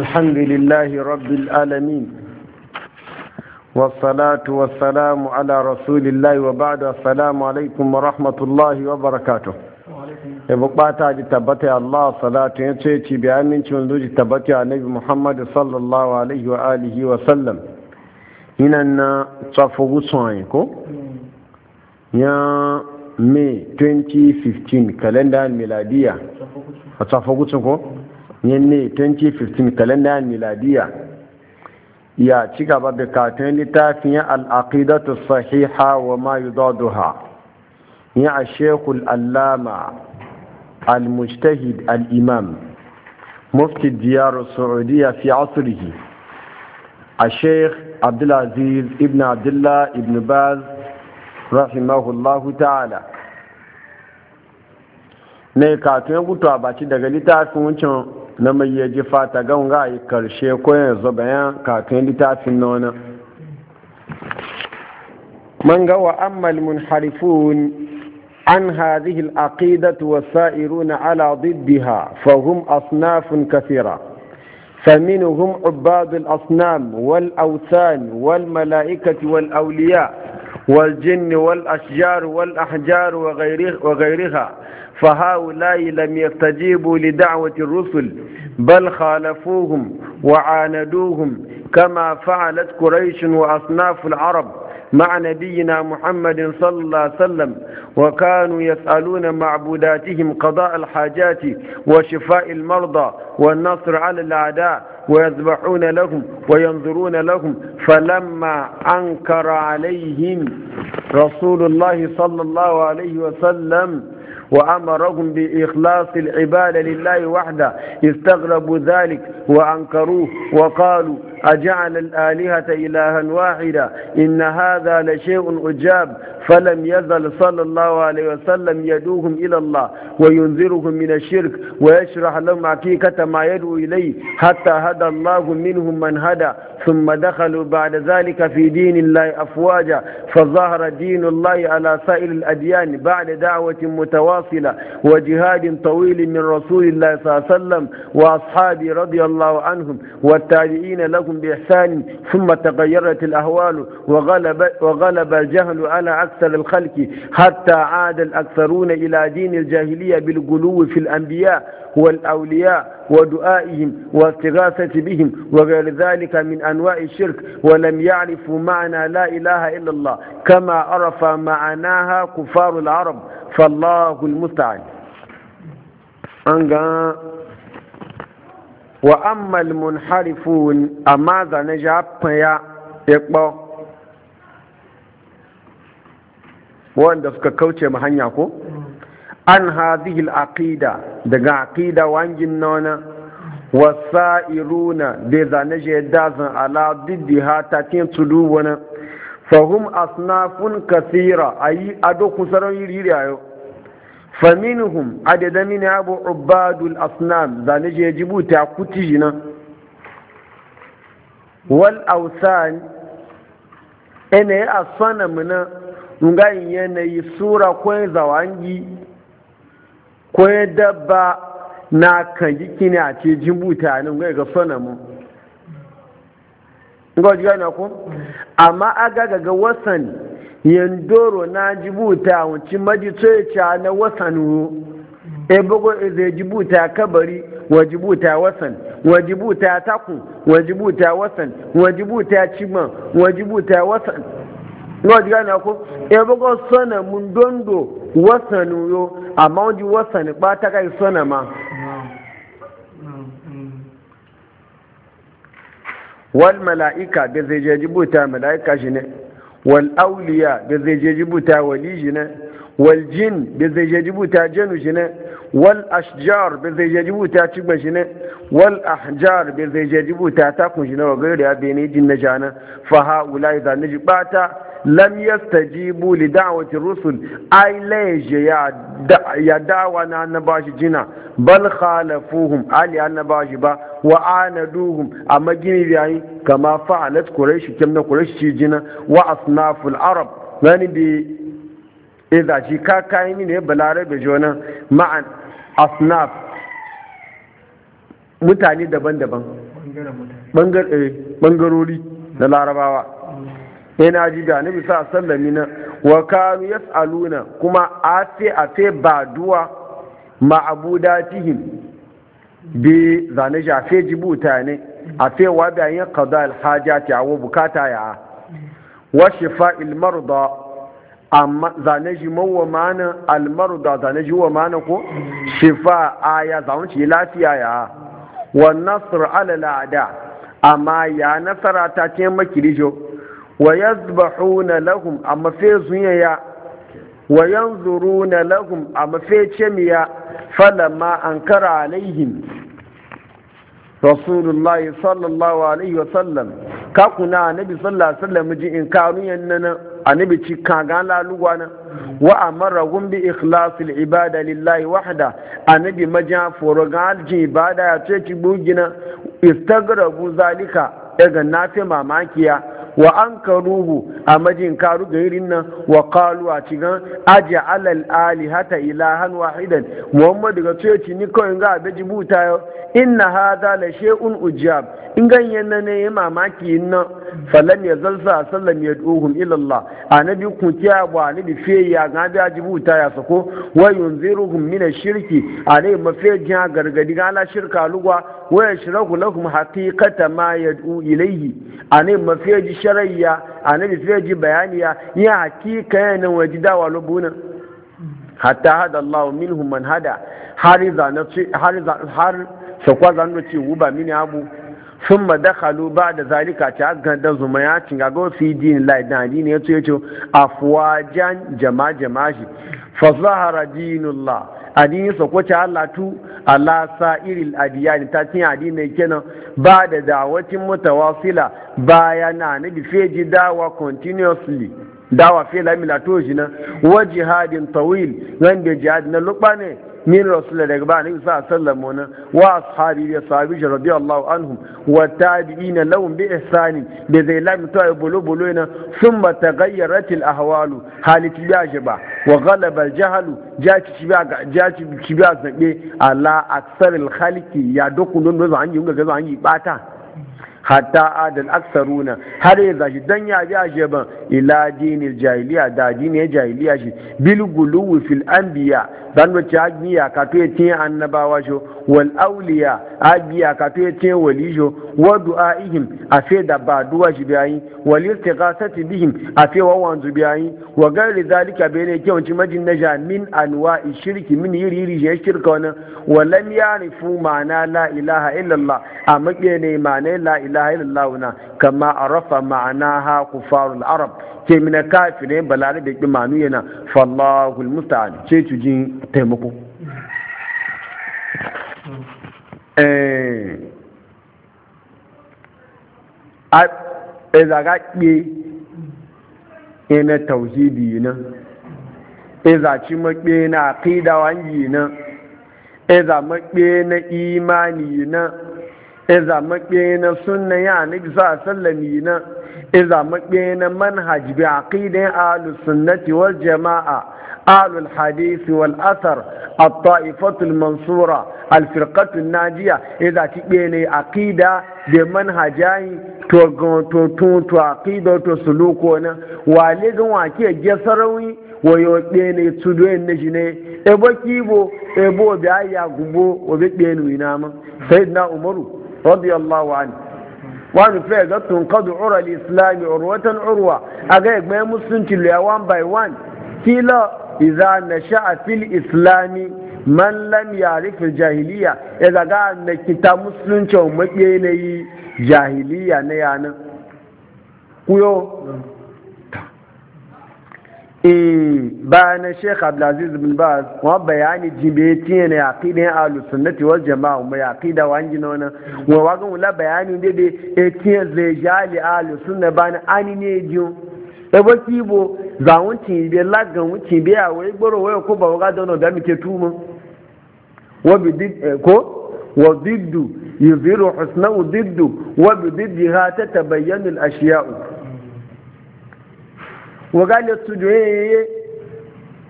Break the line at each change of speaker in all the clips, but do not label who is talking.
الحمد لله رب العالمين والصلاة والسلام على رسول الله وبعد السلام عليكم ورحمة الله وبركاته bukata ji tabbata ya Allah salatu ya ci biya minci wanzu ji tabbata ya nabi Muhammad sallallahu alaihi wa alihi wa sallam ina ko 2015 kalenda miladiya a tsafa ko yanne 2015 kalenda miladiya ya ci gaba da katon littafin al'aqidatu sahiha wa ma yudaduha ya a shekul allama al-mujtahid al-imam mufti diyar saudiya fi asrihi a sheikh abdulaziz ibn abdullah ibn baz rahimahullahu ta'ala ne katon gutu a baci daga littafin wancan na maye fata ga wunga karshe koyon zo bayan kakan littafin nona. man ga wa an malmun harifu an hazi hil aqidat wa sa'iru na ala ha fahim asnafin kasira sannin hun ubadul asnan wal autan wal mala'ikati wal auliya wal jini wal ashjar wal ahjar wa gairi فهؤلاء لم يستجيبوا لدعوة الرسل بل خالفوهم وعاندوهم كما فعلت قريش وأصناف العرب مع نبينا محمد صلى الله عليه وسلم وكانوا يسألون معبوداتهم قضاء الحاجات وشفاء المرضى والنصر على الأعداء ويذبحون لهم وينظرون لهم فلما أنكر عليهم رسول الله صلى الله عليه وسلم وأمرهم بإخلاص العبادة لله وحده استغربوا ذلك وأنكروه وقالوا أجعل الآلهة إلها واحدا إن هذا لشيء أجاب فلم يزل صلى الله عليه وسلم يدوهم إلى الله وينذرهم من الشرك ويشرح لهم حقيقة ما يدعو إليه حتى هدى الله منهم من هدى ثم دخلوا بعد ذلك في دين الله أفواجا فظهر دين الله على سائر الأديان بعد دعوة متواصلة وجهاد طويل من رسول الله صلى الله عليه وسلم وأصحابه رضي الله عنهم والتابعين لهم عليكم بإحسان ثم تغيرت الأهوال وغلب, وغلب الجهل على أكثر الخلق حتى عاد الأكثرون إلى دين الجاهلية بالغلو في الأنبياء والأولياء ودعائهم واستغاثة بهم وغير ذلك من أنواع الشرك ولم يعرفوا معنى لا إله إلا الله كما عرف معناها كفار العرب فالله المستعان wa ammal munharifun amma zane ja faya ya wanda suka kauce ma hanya ko an hadhihi al-aqida daga aqida wangin nona wasa'iruna da zane je dazan ala ha ta tin tudu wani fahum asnafun kasira ayi ado kusaran yiri ayo فمنهم عدد من أبو عباد الأصنام ذلك يجب تأكتجنا والأوثان إن أصنع منا ngan yanayi sura ko zawangi ko dabba na kan jikini a ce jimbuta nan ga ga sanamu ga ji gane ku amma aga ga wasan yandoro na jibuta wancin majisoyaca na wasan wuro ebogo zai jibuta kabari wa jibuta wasan wa jibuta taku wa jibuta wasan wa jibuta cima wa jibuta wasan lọ́wọ́ jìgá náà kó ebogo Sona mu dondo wasan wuro amma wọ́n wasan pátá kai Sona ma. wal mala'ika da zai jibuta mala'ika shi ne والأولياء بذي بزيجيبوتا وليجنا والجن بذي بزيجيبوتا جنوجنا والأشجار بذي بزيجيبوتا تشبجنا والأحجار بذي بزيجيبوتا تاكوجنا وغيرها بين جنجانا فهؤلاء إذا نجباتا lam yastajibu li da'wati rusul ai laje ya ya da'wa na annabashi jina bal khalafuhum ali annabashi ba wa anaduhum amma gini biyayi kama fa'alat quraish kimna quraish jina wa asnaful arab nani bi idza shi ka kai ne balarabe jona ma'an asnaf mutane daban-daban bangarori na larabawa yana ji da nabi sa sallami na wa kanu yas'aluna kuma ate ate baduwa ma'budatihim bi zane jafe jibuta ne a fe wa da yin qada al hajati awu bukata ya wa shifa'il marda amma zane ji mawa mana al marda zane ji wa mana ko shifa aya zamu ci lafiya ya wa nasr ala al amma ya nasara ta ce makirijo wa yazbahuna lahum amma fe zunyaya wa yanzuruna lahum amma fe cemiya falamma ankara alaihim rasulullahi sallallahu alaihi wa sallam ka kuna annabi sallallahu alaihi wasallam ji in kanu yannan annabi ci kaga laluwa na wa amara gum bi ikhlasil ibada lillahi wahda annabi maja foro galji ibada ya ce ci bugina istagrabu zalika daga nafi mamakiya wa an ruhu a majin karu ga irin nan wa kalu a cikin aji alal ali hata ilahan wahidan muhammadu ga ci ni kawai ga abin jibuta yau inna hada la she'un ujab in ganyen na ne ya mamaki nan falam ya zalsa sallam ya duhum ila Allah annabi ku kiya ba ni bi fe ya ga da jibuta ya sako wa yunziruhum min ash-shirki alai mafejin gargadi ga la shirka lugwa wa yashraku lakum haqiqata ma yad'u ilayhi anai mafeji sharayya annabi feji bayaniya ya hakika yana wajidawa lubuna hatta hada Allah minhum man hada har har har sakwa zanu ce uba mini abu sun ma dakhalu ba da zalika ta ganda zuma ya cinga go fi din lai dan dini ya ce ce afwajan jama jama shi fa zahara dinullah adini so ko ta Allah tu ala ta tin adini kenan ba da dawatin mutawasila baya na bi feji dawa continuously dawa fe la na wa jihadin tawil wanda jihadi na lukba ne min rasulullah daga ba annabi sa sallam wani wa ashabi da sahabi ji radiyallahu anhum wa tabi'ina lahum bi ihsani da zai lami ta yi bolo bolo yana sun ba ta gayyara til ahwalu halitu ya ji ba wa galabar jahalu jaci biya ala aksaril halki ya dokunan zan yi zan yi bata hatta adal aksaruna har ya zashi dan ya ji ashe ban ila dinil jahiliya da dinil jahiliya shi bil guluwi fil anbiya dan wace agniya ka to tiyan annabawa sho wal auliya abiya ka to yace walijo wa ihim afe da ba duwa shi biyayi wal istighasati bihim afe wa wanzu biyayi wa gairi zalika bene ke wancin majin naja min anwa'i shirki min yiri yiri ya shirka wannan wa la ilaha illa Allah amma ke ne ma'ana la ilaha illa Allah na kama arafa ma'anaha kufarul arab ke mina ya balare da ki manu yana fallahul musta'an ce tujin taimako ezaga eh, eh, ƙe eh, ina tauhidi nan ezaci maƙe na aƙida wangi nan eza maƙe na imani nan eza maƙe na sunna ya anabi sa sallami nan eza maƙe na manhaj bi aqidan ahlus sunnati wal jama'a ahlul hadisi, wal athar at-ta'ifatu mansura alfirkatun najiya ya zaci a aqida da manhajayi to to to to suluko na wale gan wake wa sarawi wayo su tudo na jine e kibo e bo bi ya gubo wa bi ɓene wina ma na umaru radiyallahu anhu wani fe ga tun kadu ura islami a urwatan urwa a ga musulunci le one by one kila idza nasha'a fil islami man lam yarifil jahiliya ya zaga na kita musulunci wa maƙe na yi jahiliya na yanin kuyo eh, ba na Sheikh Abdulaziz bin Baz wa bayani jibe tiye na yaqidin ahlus sunnati wal jamaa mu yaqida wa anjina wana wa wagan wala bayani de de etiye zejali ahlus sunna bana ani ne jiyo e bo kibo za won ti be lagan wuti ti be awe gboro we ko ba waga dono da mi ke tumo ko wa diddu yuziru husnahu diddu wa bi diddiha tatabayyanu al-ashya'u wa gale su doye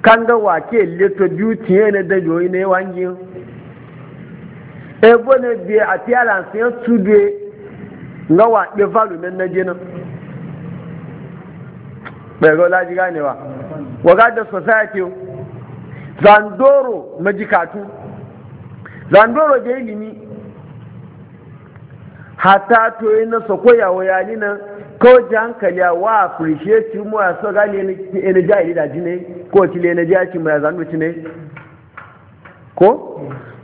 kanga wake leto duty ne da joyi ne wangi e bone bi atiala sen su de nga wa de valu men na jena bego la ji ganewa wa ga da society zandoro majikatu zandoro da ilimi hata to yi na sokoya wa yani nan ko ji hankali a wa appreciate mu a so gani ne ja ili da jine ko ci le ne a ci mu ya zanu ci ne ko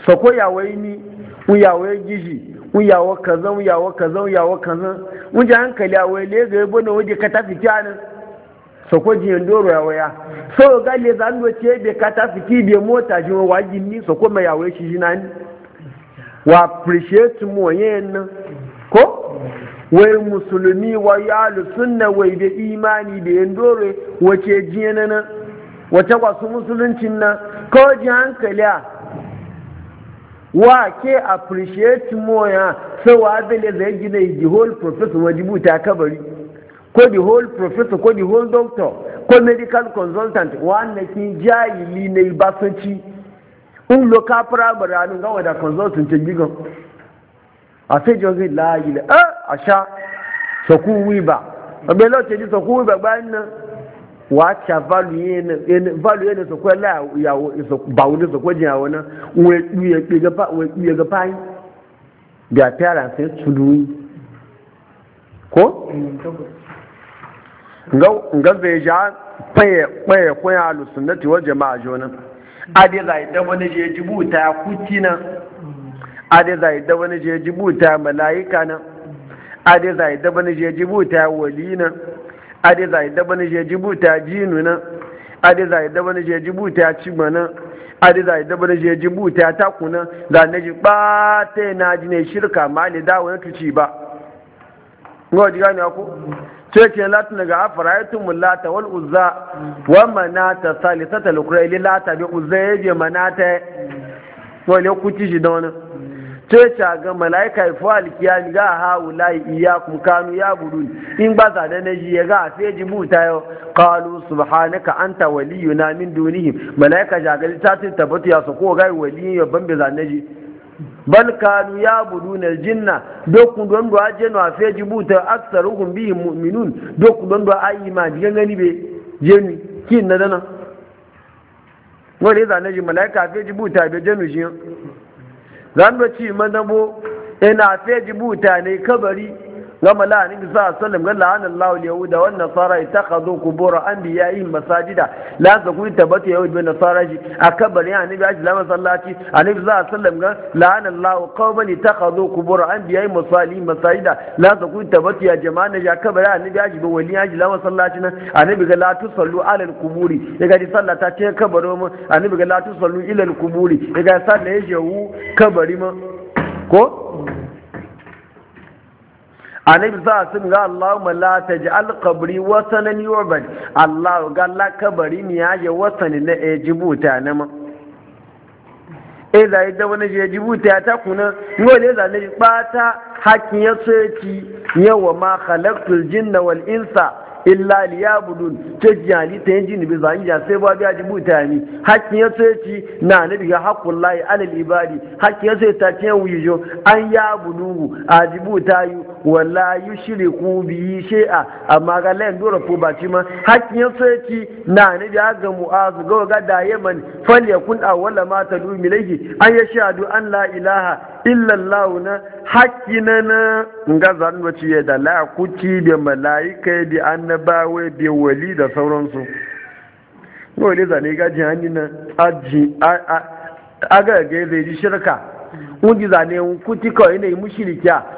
sokoya wa ni uya wa Gizi, uya Yawo kaza uya Yawo kaza uya Yawo kaza mun ji hankali a wa le ga yabo na waje ka tafi kyanin soko jiyan doro ya waya so ga le za ndo ce be kata fiti be mota ji wa jinni soko mai yawo shi jinani wa appreciate mu yen ko wai musulmi wa ya sunna wai da imani da yan doro wace yana nan wace kwasu musuluncin nan ko ji hankali a wa ke appreciate mu ya so wa bele zai gina yi whole professor wajibu ta kabari ko the whole professor ko the whole doctor ko medical consultant wanda ki jahili ne basanci un local primary an ga wada consultant ce gigo a sai jo la yi a eh, a sha soku wiba abe lo ce ji soku wiba ba nan wa cha value ne value ne soku la ya ba wuri soku jin awon nan we ye ga pa we ye ga pa bi appearance to do ko? ga zai ja kwaye kwaya alusunnati wa jama'a jonan adi zai da wani je jibuta ya kuti nan adi zai da wani je jibuta ya mala'ika nan adi zai da wani je jibuta ya wali nan adi zai da wani je jibuta ya jinu nan adi zai da wani je jibuta ya cima nan adi zai da wani je jibuta ya taku nan zai na ji yi na ji ne shirka ma da wani tuci ba ngo diga ne ko ce ke lati daga afaraitu mulata wal uzza wa manata salisata lukra ili lata bi uzza je manata to le kuti shi da wani ce ce ga malaika fa alkiyami ga haula iyyakum kanu ya budun in ba za da naji ya ga sai ji buta yo qalu subhanaka anta waliyuna min dunihim malaika jagali ta tabbata ya so ko ga waliyin ya bambe za ji. bal kanu ya budu na jinna dokun don do aje no afe jibuta aksaruhum bihi mu'minun dokun don do ayi ma digan gani be jeni kin na dana wani zane ji malaika afe jibuta be jenu shi zan do ci madabo ina afe jibuta ne kabari gama la ni sa sallam ga la'an Allah yahuda wan nasara ittakhadhu qubur anbiya'ihim masajida la zakuri tabatu yahud bin nasara ji akabar ya annabi aji la masallaci annabi sa sallam ga la'an Allah qawman ittakhadhu qubur anbiya'ihim masali masajida la zakuri tabatu ya jama'a ya akabar ya annabi aji bin wali aji la masallaci nan annabi ga la tusallu ala al-quburi daga di sallata ce kabaro mu annabi ga la tusallu ila al-quburi daga sallah ya jewu kabari ma ko annabi sa sun ga Allahumma la taj'al qabri wasanan yu'bad Allah ga la kabari mi yaje wasani na e na ma e da ida wani je jibuta ta kuna ngole za ne bata hakin ya soyaci yawa ma khalaqtul jinna wal insa illa liyabudun ce jali ta yin jini bi zan ja ba biya jibuta ni hakkin ya soyaci na nabi ga layi alal ibadi hakkin ya soyaci ta ce jo an ya budu a ta yi. wala yushriku bihi shay'a amma ga lan dora ko ba ma hakkin sai na ne da ga mu'azu ga ga da yaman fal yakun awwala ma du milahi an yashhadu an la ilaha illa allah na hakkina na ga zanwa ci da la ci da malaika da annabawa da wali da sauransu ko ne zane ga jihani na aji a ga zai ji shirka ungi zane kun ti kawai yi mushrikiya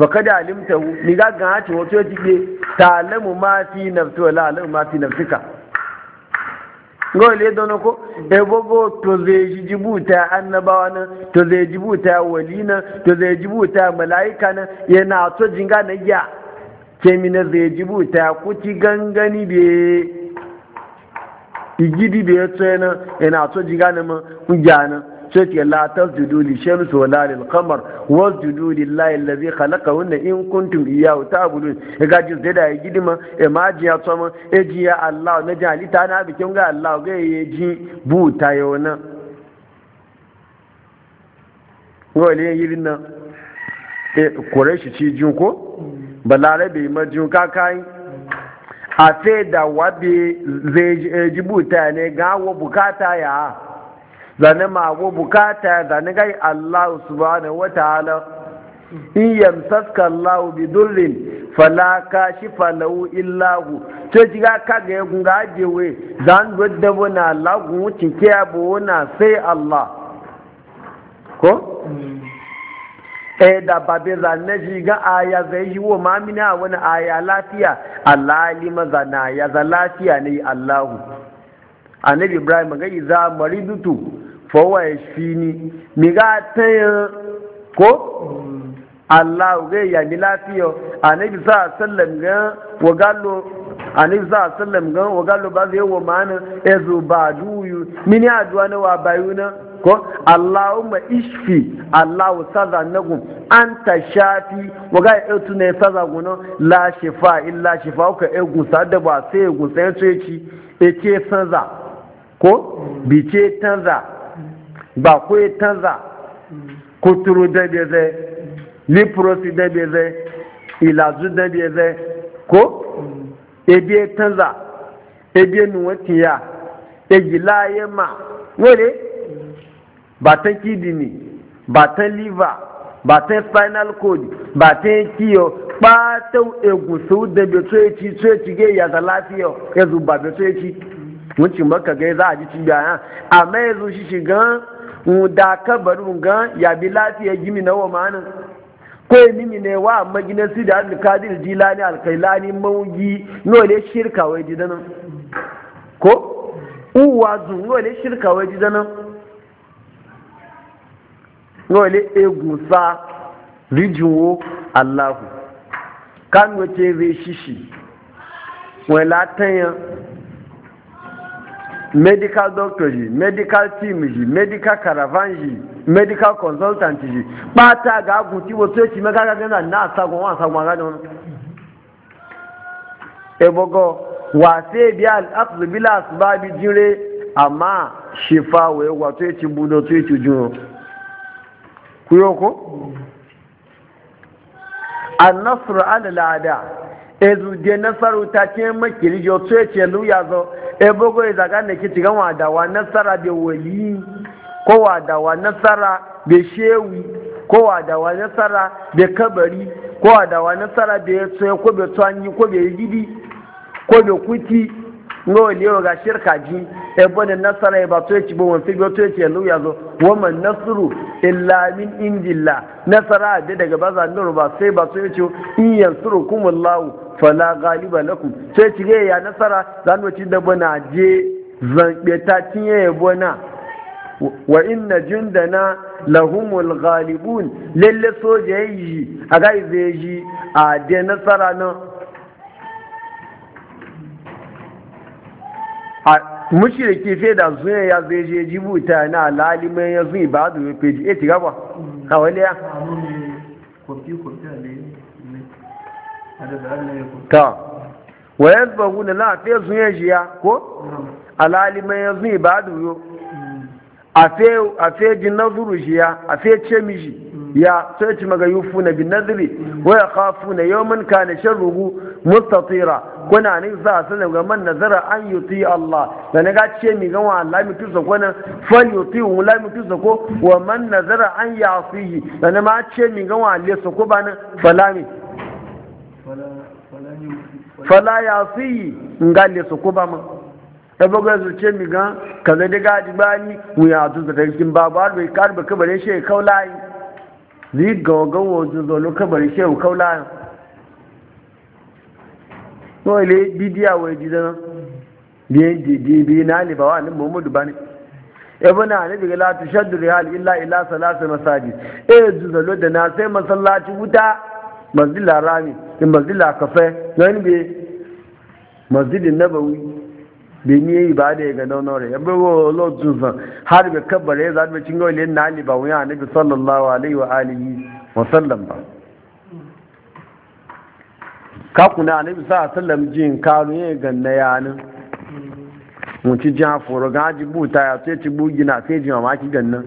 faqad alimtahu ni ga ga ta wato jike talamu ma fi nafsi wala alamu ma fi nafsika gole don ko e gogo to zai jibuta annabawa nan to zai jibuta wali nan to zai jibuta mala'ika na, ya na to jinga na ya ke na zai jibuta kuti gangani be igidi be to yana yana to jinga na mu mun jana sai ce la tasjudu li shamsi wa la lil qamar wasjudu lillahi allazi khalaqahunna in kuntum iyyahu ta'budun e ga ji zeda da ya gidima e ma ji ya tsoma e ji ya Allah na jali ta na bi kin ga Allah ga ya ji ta yona yi yirin nan e kore shi ci jin ko balarabe ma jin kai a sai da wabi zai ji e buta ne ga wa bukata ya zane mago bukata zane gai Allah subhanahu wa ta'ala in yamsaka Allah bi dullin fala kashifa lahu illa hu to jiga kaga ya gunga jewe zan gudda bona lagu cike sai Allah ko hmm. eh da babe zane jiga aya zai yi wa mamina wani aya lafiya Allah alima zana ya za lafiya ne Allahu annabi Ibrahim ga iza maridutu fọwọ́ ẹ̀ fi ni mìíràn àtẹ́yàn kó Allah zai yami lafiya annabi sa sallam gan wagalo annabi sa sallam gan wagalo ba zai wa mana ezu eh, ba duyu mini aduwa na wa bayuna ko Allahumma ishfi Allah saza nagum anta shafi Wa waga etu ne saza guno la shifa illa shifa ka egu sada ba sai egu sai ci ece sanza ko bi ce tanza ba ko bɛ zɛ, tanza kuturu dabeze bɛ zɛ, ilazu bɛ dabeze ko ebi tanza ebi la ejilaye ma wele batan kidney batan liver batan spinal cord batan kiyo patan egusu dabe to eci to eci ge yaza lafiya ezu babe to eci mun ci maka ga za a ji ci bayan amma yanzu shi gan. da bari ga ya bi lafiya gimi na wa Ko yi mimi ne wa amma gina su da alkadir jilani alkailani maugi nole shirka wai jidana ko uwa zu nole shirka wai jidana nole egusa rijiwo allahu kan wace zai shishi wai latanya medical doctor ji medical team ji medical caravan ji medical consultant ji pata ga agunti wo to e ci mega ga na asagun wa asagun ga don ebogo wa se bi al aqd bil asbab jure ama shifa we wa to e ci budo to e ci juro kuyoko an-nasr ala al-ada ezu de nasaru ta ce makiri jo to ce luya zo ebe ko ya zaga ne ga wada wa nasara be wali ko wada wa nasara be shewi ko wada wa nasara be kabari ko wada wa nasara be so tsaye ko bai tsanyi ko be gidi ko be kuti ngo wali e yau ga shirka ji ebe ne nasara e ba to ya ci ba wani fiye to ya ci yanzu ya zo waman nasuru illa min indillah nasara da daga bazan nuru ba sai ba to ya ci in yansuru kumullahu fala galiba lakum sai cire ya nasara zan wuce da bana je zanbe ta tinye ya na wa inna jundana lahumul ghalibun lalle soja yi a ga yi a de nasara na a mushriki fe da zuwa ya zai je jibuta na lalimai ya zuwa ba da e ti gaba a wani ya ta wa yanzu na lafiya sun yi jiya ko mm. alaliman yanzu yi ba da yo a fe ji nazuru jiya a fe ce mishi mm. ya sai ci maga yufu na bin nazari mm. wa ya kafu na yawon ka na shan rugu mustatira kuna ne za a sanar ga man nazara an yuti Allah da na gace mi gan wa Allah mi tusa ko nan fal yuti wa la mi tusa ko wa man nazara an yasihi da na ma ce mi gan wa Allah so ko ba nan falami fala ya fi nga le su kuba ma da buga zuce mi ga kaza da gaji bani mu ya zu da cikin babu har bai kar ba kabare shi kaulayi zi ga ga wo zu zo lo kabare shi kaulayi no ile bidiya wai jidana biyan didi biyu na ne ba wa ni muhammadu ba ne na hanifi ga la tushaddu hal illa ila salasa masajid eh zu zalo da na sai masallaci wuta masjidil rami da la kafe don na masjidin nabawi da ni yi ba da ya ga daunore ya bai wa lotun san har bai kabbara ya zaɓi cin gawale na ali ba wuya annabi sallallahu alaihi wa alihi wa sallam ba ka kuna annabi sa sallam jin kanu ya ganna yanin mun ci jan foro ga ji buta ya ce ci bugina sai ji mamaki ganna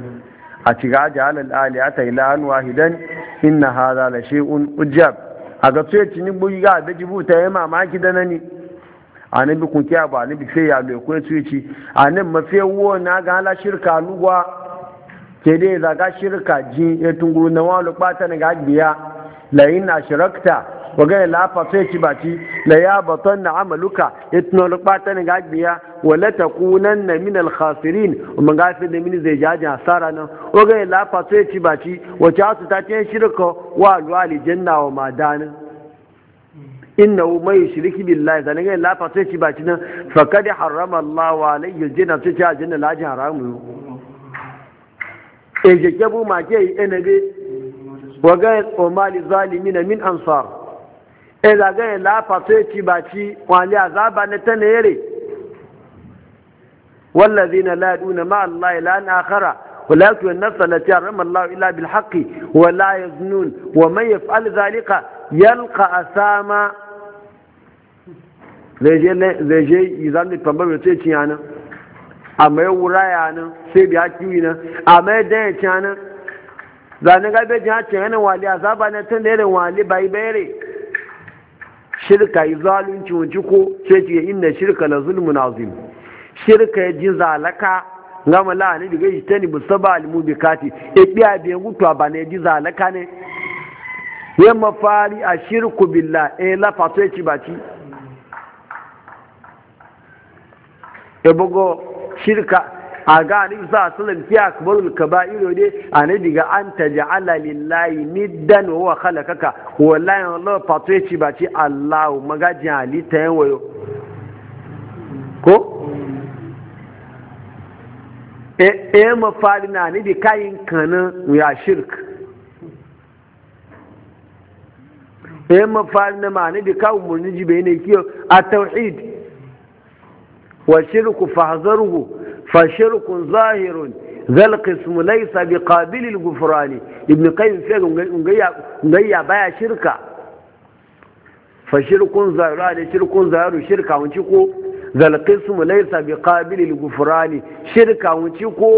a ci ga ji alal ali ata ila wahidan inna hada la shay'un ujab aga to ya tinin boyi ga da jibuta ma mamaki da nani bi kun kiya ba bi sai ya le ko yi anan mafe wo na ga la shirka lugwa ke dai za ga shirka ji ya tunguru na walu pata na ga biya la inna shirakta wa ga la fa sai ci baci la ya batan na amaluka itno lukbata ne ga biya wa la takunanna min al khasirin mun ga fi da min zai jaji asara nan wa ga la fa sai ci baci wa ta su ta ce shirka wa alwali janna wa madanin inna mai shiriki billahi zane ga la fa sai ci baci nan fa kad harrama Allah wa alayhi jinna sai ci ajinna la ji haramu e je kebu ma ke enabe wa ga o mali zalimina min ansar e zaga ya lafa sai ci ba ci wani azaba na ta nere wallazina la yaduna ma Allah ila an akhara ولا يقتل النفس التي حرم الله الا بالحق ولا يزنون ومن يفعل ذلك يلقى اثاما zai je izan da tambar da sai ciya nan a mai wuraya nan sai biya kiwi nan a mai daya ciya nan zanen gabe jiya ciya nan wali a na tun da wali bai bere shirka yi zalunci wanci ko sai ce inna shirka la zulmun azim shirka ya ji zalaka ngama la ne diga ita saba alimu bi kati e biya biya gutwa ba ne ji zalaka ne ya mafari a shirku billah e la fatwe ci ba ci e bugo shirka a ga ni sa sallam fi akbarul ne a anabi ga an taj'ala lillahi niddan wa huwa khalaqaka wallahi Allah ya ci ba ci Allah magaji ta yi wayo ko e e fari na ni bi kayin kana ya shirk e ma fari na ma ni bi kawo murni jibe ne kiyo a tawhid wa shirku fahzaruhu fashirkun zahirun zal qismu laysa biqabil al ghufran ibn qayyim sai gayya baya shirka fashirkun zahira da shirkun zahiru shirka mun ko zal qismu laysa biqabil al ghufran shirka mun ko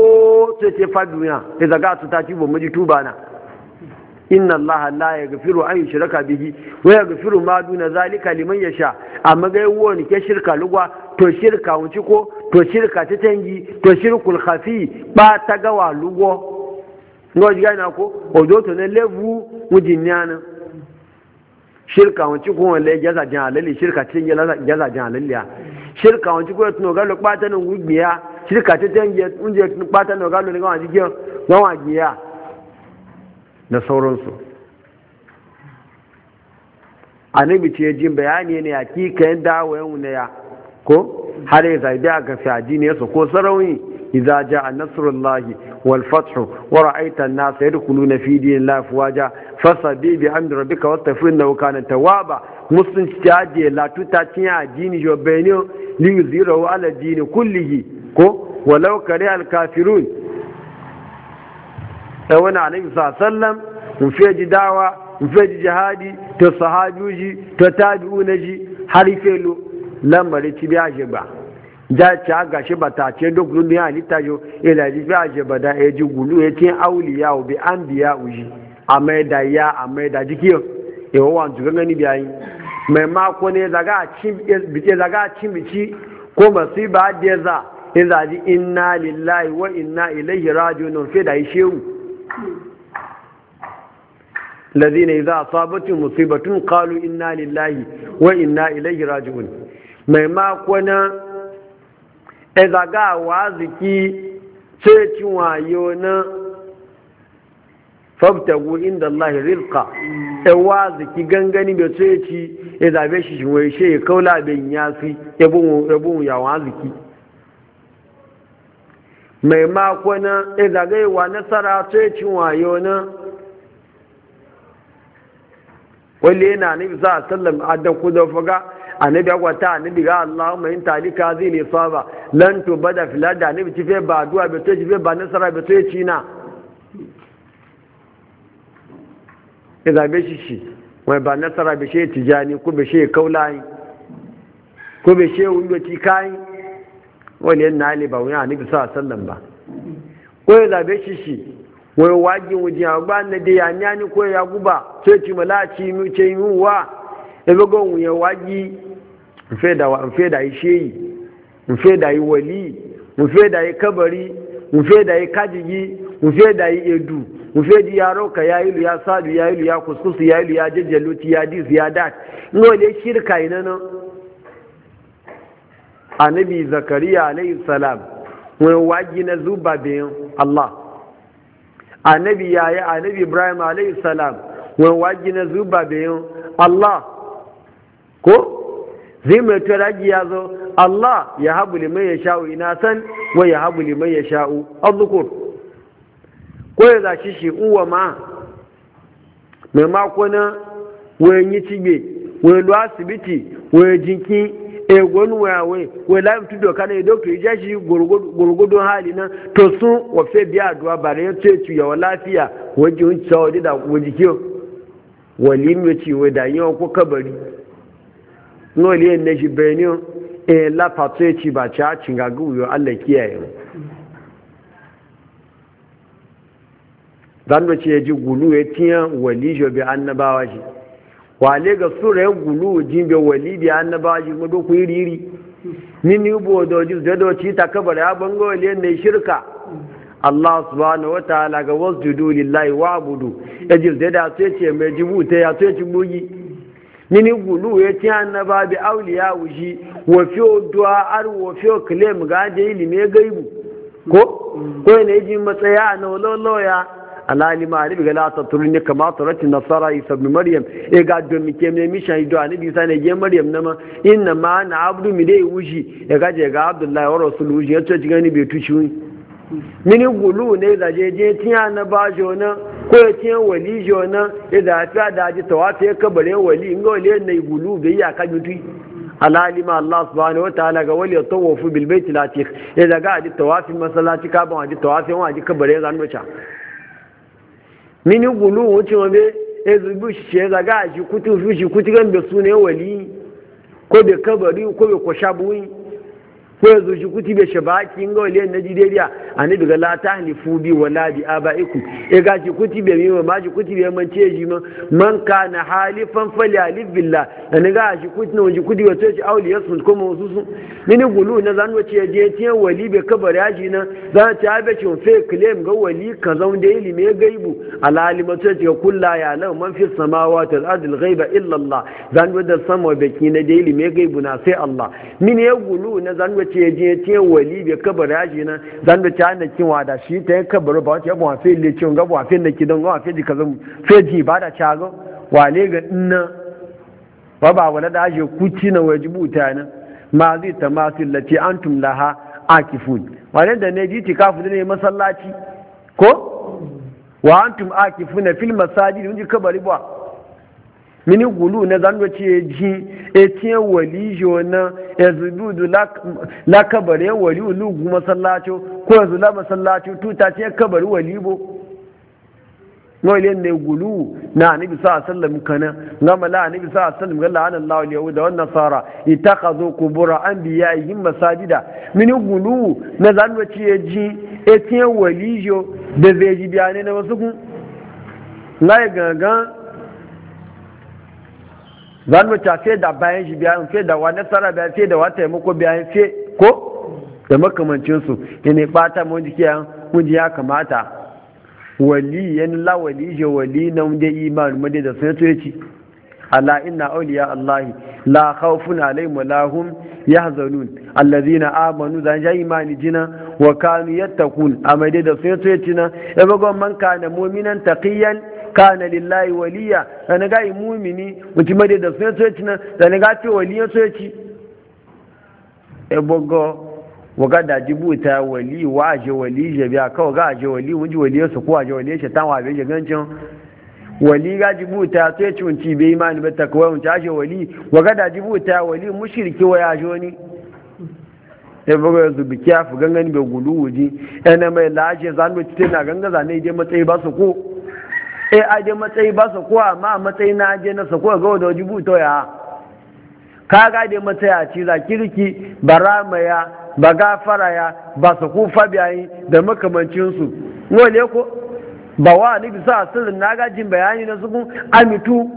ce ce fa duniya idan ga ta ci bo muji tuba na inna Allah la yaghfiru an yushraka bihi wa yaghfiru ma duna zalika liman yasha amma ga yawo ne ke shirka lugwa to shirka wuci ko to shirka ta tangi to shirkul khafi ba ta gawa lugo ngo jiga na ko ojo to ne levu wujinyana shirka wuci ko wala jaza jan alali shirka tin jaza jan alaliya shirka wuci ko tuno ga lo pata no gbiya shirka ta tangi unje tuno pata no ga lo ne ga wajige ga wajiya da sauransu annabi ce jin bayani ne hakika yanda wayan ne ya ko har ya zaɓi a gafi adiniyarsa ko sarauni idza jaa nasrullahi wal fathu wa ra'aita an-nasa yadkhuluna fi dinillahi afwaja fasabi bi amri rabbika wastaghfir innahu kana tawwaba muslim tiaje la tuta tiya adini yo benio li yuzirahu ala dini kullihi ko walau kare al-kafirun wani alaihi sallam in fiye ji dawa in fiye ji jihadi ta sahabiyoji ta tabi'u na ji har lamari ci bi aje ba ja ti aga shi ba ta ce duk lullu ya halitta yo ila ji bi aje ba da ya e ji gulu ya ce auliya u bi an biya uji a mai da ya a mai da jiki yawa e wanzu gangani biya yi mai mako ne zaga a e bi chi ko si ba de za in ji inna lillahi wa inna ilaihi rajiun fi da yi shehu الذين إذا أصابتهم مصيبة قالوا إنا لله وإنا إليه راجعون mai makona ezagawa ziki cecin wayo na fabtagu inda Allah rilka ewa ziki gangani bai ceci ya zabe shi shi wai e shi e e ya kaula bin ya fi yabon yawa ziki mai makona ezagaiwa nasara cecin wayo na wale yana nufi za a sallam adan kudan faga annabi agwata annabi ga Allahumma in ka zai ne saba lan to bada filada annabi ci fe ba duwa be to ci fe ba nasara be to ci na Ya be shi shi wai ba nasara be shi tijani ko be shi kaulai ko be shi wundo ci kai wani yan nali ba wani annabi sa sallan ba ko ya be shi shi wai wajin wujin agba na ya nyani ko ya guba sai ci malaci mu ce yi wa ebogo nwunye waji mfe da yi sheyi mfe da yi wali mfe da yi kabari mfe da yi kajigi mfe da yi edu mfe di ya roka ya ilu ya sadu ya ilu ya kuskusu ya ilu ya jejjeluti ya dis ya dat ngole shirka inana anabi zakariya alayhi salam wani waji na zuba bayan allah anabi yaya anabi ibrahim alayhi salam wani waji na zuba bayan allah ko zai mai turagi ya zo Allah ya habu liman ya sha'u ina san wa ya habu liman ya sha'u azzukur ko ya zashi shi uwa ma mai makona na yi cibe wayan lo asibiti wai jinki e gwanu wayawe wayan lafi tudo kana ya dokta ya shi gurgudun hali na to sun wafe biya aduwa ba da ya ce yawa lafiya wajen cewa sawa da wajikiyo walimu ya ci, wa da yawa ko kabari nole yin na shi benin e la fatwe ci ba ci a cinga guyo Allah kiyaye mu dan ce ya ji gulu ya e tiya wali jo bi annabawa shi wale ga sura ya gulu jin bi wali bi annabawa shi mu do riri ni ni bo do ji da do ci ta kabara ya bango le ne shirka Allah subhanahu wa ta'ala ga wasjudu lillahi wa'budu e e ya nini gulu ya ci annaba bi auliya wuji wa fiyo du'a ar wa fiyo claim ga da ilimi gaibu ko ko ne ji matsaya na loloya alali ma ni bigala ta turni kama turati nasara isa bi maryam e ga do mi ke mi shan do ani bi sane je maryam nama inna ma na abdu mi dai wuji e ga je ga abdullahi wa rasuluhu ya to ji gani be tuci mini gulu ne da je je tiya na ba jona ko ya tiya wali jona ya da ta da ji tawafi ya kabare wali in ga wali ne gulu bai ya ka mutu alalima Allah subhanahu wa ta'ala ga wali tawafu bil bait latif ya da ga ji tawafi masallaci ka ba ji tawafi wa ji kabare zan wuce mini gulu wuce wa be ya zubu shi ya da ga ji kutu shi kutu gan da su wali ko da kabari ko da kwashabuwi ko yanzu shi kuti bai shabaki ga waliyan na ni annabi ga la halifu bi wala bi abu-iku. e ga shi kuti bai mi ma shi kuti bai man ceji man man kana halifan falyalif a ni ga shi kuti na wani kuti wato shi auli koma wasu sun ni mini gulu na zan wace je tiyan wali bai kabar yaji na zan ta be wani fai kilem ga wali kaza wanda ilimi gaibu alalimatu ce kulla ya nan man fi samawati ta ardil ghaiba illallah. allah zan sama baki na da ilimi gaibu na sai allah mini ya gulu na zan wace ce je te wali be kabar yaji nan zan da ta na kin wada shi ta kabar ba ta ba fe le cin gaba fe na kidan gaba fe jika zan fe ji ba da ta ga wale ga dinna ba ba wala da je kuci na waje ta na ma zai tamasil lati antum laha akifun wale da ne ji tikafu ne masallaci ko wa antum akifuna fil masajid mun ji kabari ba mini gulu na zan ce ji etiye wali jona ezudu la kabare wali ulugu masallaci ko ya e zula masallaci tuta ce kabari wali bo wale ne gulu na anibi sa sallam kana ngama la anibi sa sallam ga la'ana Allah wal yahuda wan nasara itakazu qubura anbiya'ihim masajida mini gulu na zan ce ji etiye wali jo da zai ji biyane na wasu kun la gangan zan mu fiye da bayan shi biya Fiye da wa nasara biya Fiye da wa taimako biya Fiye ko da makamancin su ne bata mun jike yan mun ya kamata wali yan la wali je wali na mun da imani mun da sai to yace ala inna awliya allahi la khawfun alaihim la hum yahzanun alladhina amanu zan ja imani jina wa kanu yattaqun amma da sai to yace na ya bagon man kana mu'minan taqiyan kana lillahi waliya da na gayi mumini mutum da da sunan soyaci nan da na gace waliya soyaci e bogo waga da ta wali wa wali je biya ka ga aje wali wunji waliya su ko wali waliya shaitan wa je gancin wali ga jibuta sai cunci bai imani ba mun wunci aje wali waga da ta wali mushriki wa ya wani sai e bago yanzu biki ya fi gangan bai gulu wuji yana mai laje zanu cikin na ganga zane idan matsayi ba su ko e eh, aje matsayi ba su kowa ma matsayi na aje na su kowa gawa da buto ya ka gade matsayi a cira kirki barama ya ba gafara ya ba su ku fabiyayi da makamancinsu wale ko ba wa ni bisa asirin na gajin bayani na sukun amitu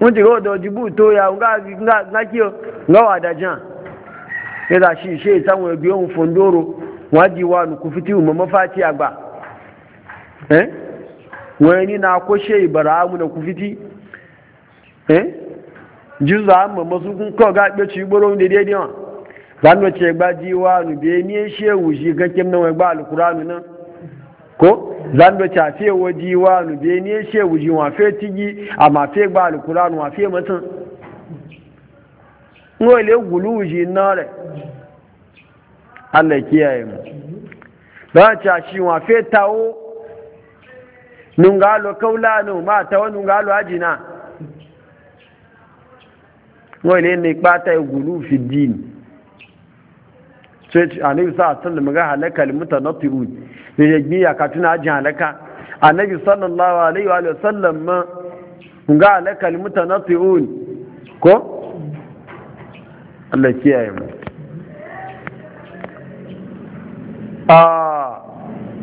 ji ti da òjìbú buto ya ngákí lọ́wọ́ da jan ya ṣe shi ẹgbẹ́ ya samu wọ́n á di wa nùkú fítí ìmọ̀mọ́fà tí àgbà wani na kwashe da na kufiti eh jiza amma masu kun kawo ga ɓe ci gboro da daidai wa zanuwa ce gba wa nu be ni shehu shi kakken nan wai gba alkuranu na. ko zanuwa ce a fe wa jiwa be ni shehu shi wa fe tigi a ma fe gba alkuranu wa fe mutum ngo ile gulu shi na re Allah kiyaye mu ba ta shi wa fe tawo nungalo kaulanu ma tawa nungalo ajina wale ne kpata ya gulu fi din sai annabi sa san da maga halaka al mutanatti'un ne ya gbiya ka tuna ajin halaka annabi sallallahu alaihi wa sallam ma ga halaka al mutanatti'un ko Allah kiyaye mu ah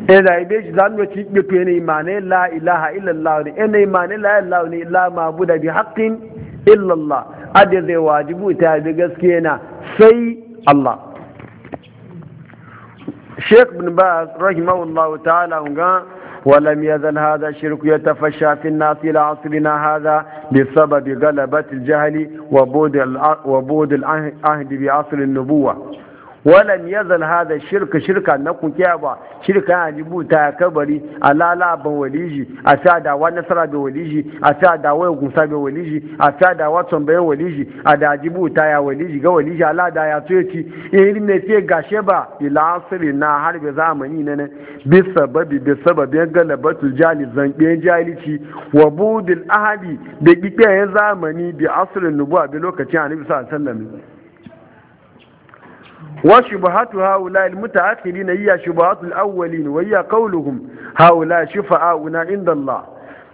ila ibe shi zamu ci bi to ne imane la ilaha allah, ne ina imane la ilaha ne la mabuda bi haqqin illallah ade zai wajibu ta bi gaskiya na sai Allah Sheik bin Baz rahimahullah ta'ala ga ولم يزل هذا الشرك يتفشى في الناس إلى عصرنا هذا بسبب غلبة الجهل وبود العهد بعصر nubuwa walam yazal hada shirka shirka na kukiya ba shirka ya ta ya kabari a lalaban waliji a sa da wa nasara da waliji a sa da wa gusa da waliji a sa da wa tambaye waliji a da ta ya waliji ga waliji ala da ya tuye ci irin ne ce gashe ba ila asiri na harbe zamani na nan bi sababi bi sababin galabatul jali zanɓe jalici wa budil ahadi da ƙiƙiyayen zamani bi asirin nubuwa bi lokacin annabi sallallahu alaihi wasallam وشبهات هؤلاء المتأخرين هي شبهات الأولين وهي قولهم هؤلاء شفعاؤنا عند الله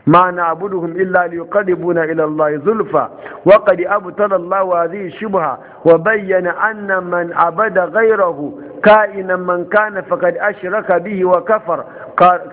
ما نعبدهم إلا ليقربونا إلى الله زلفى وقد أبطل الله هذه الشبهة وبين أن من عبد غيره كائنا من كان فقد أشرك به وكفر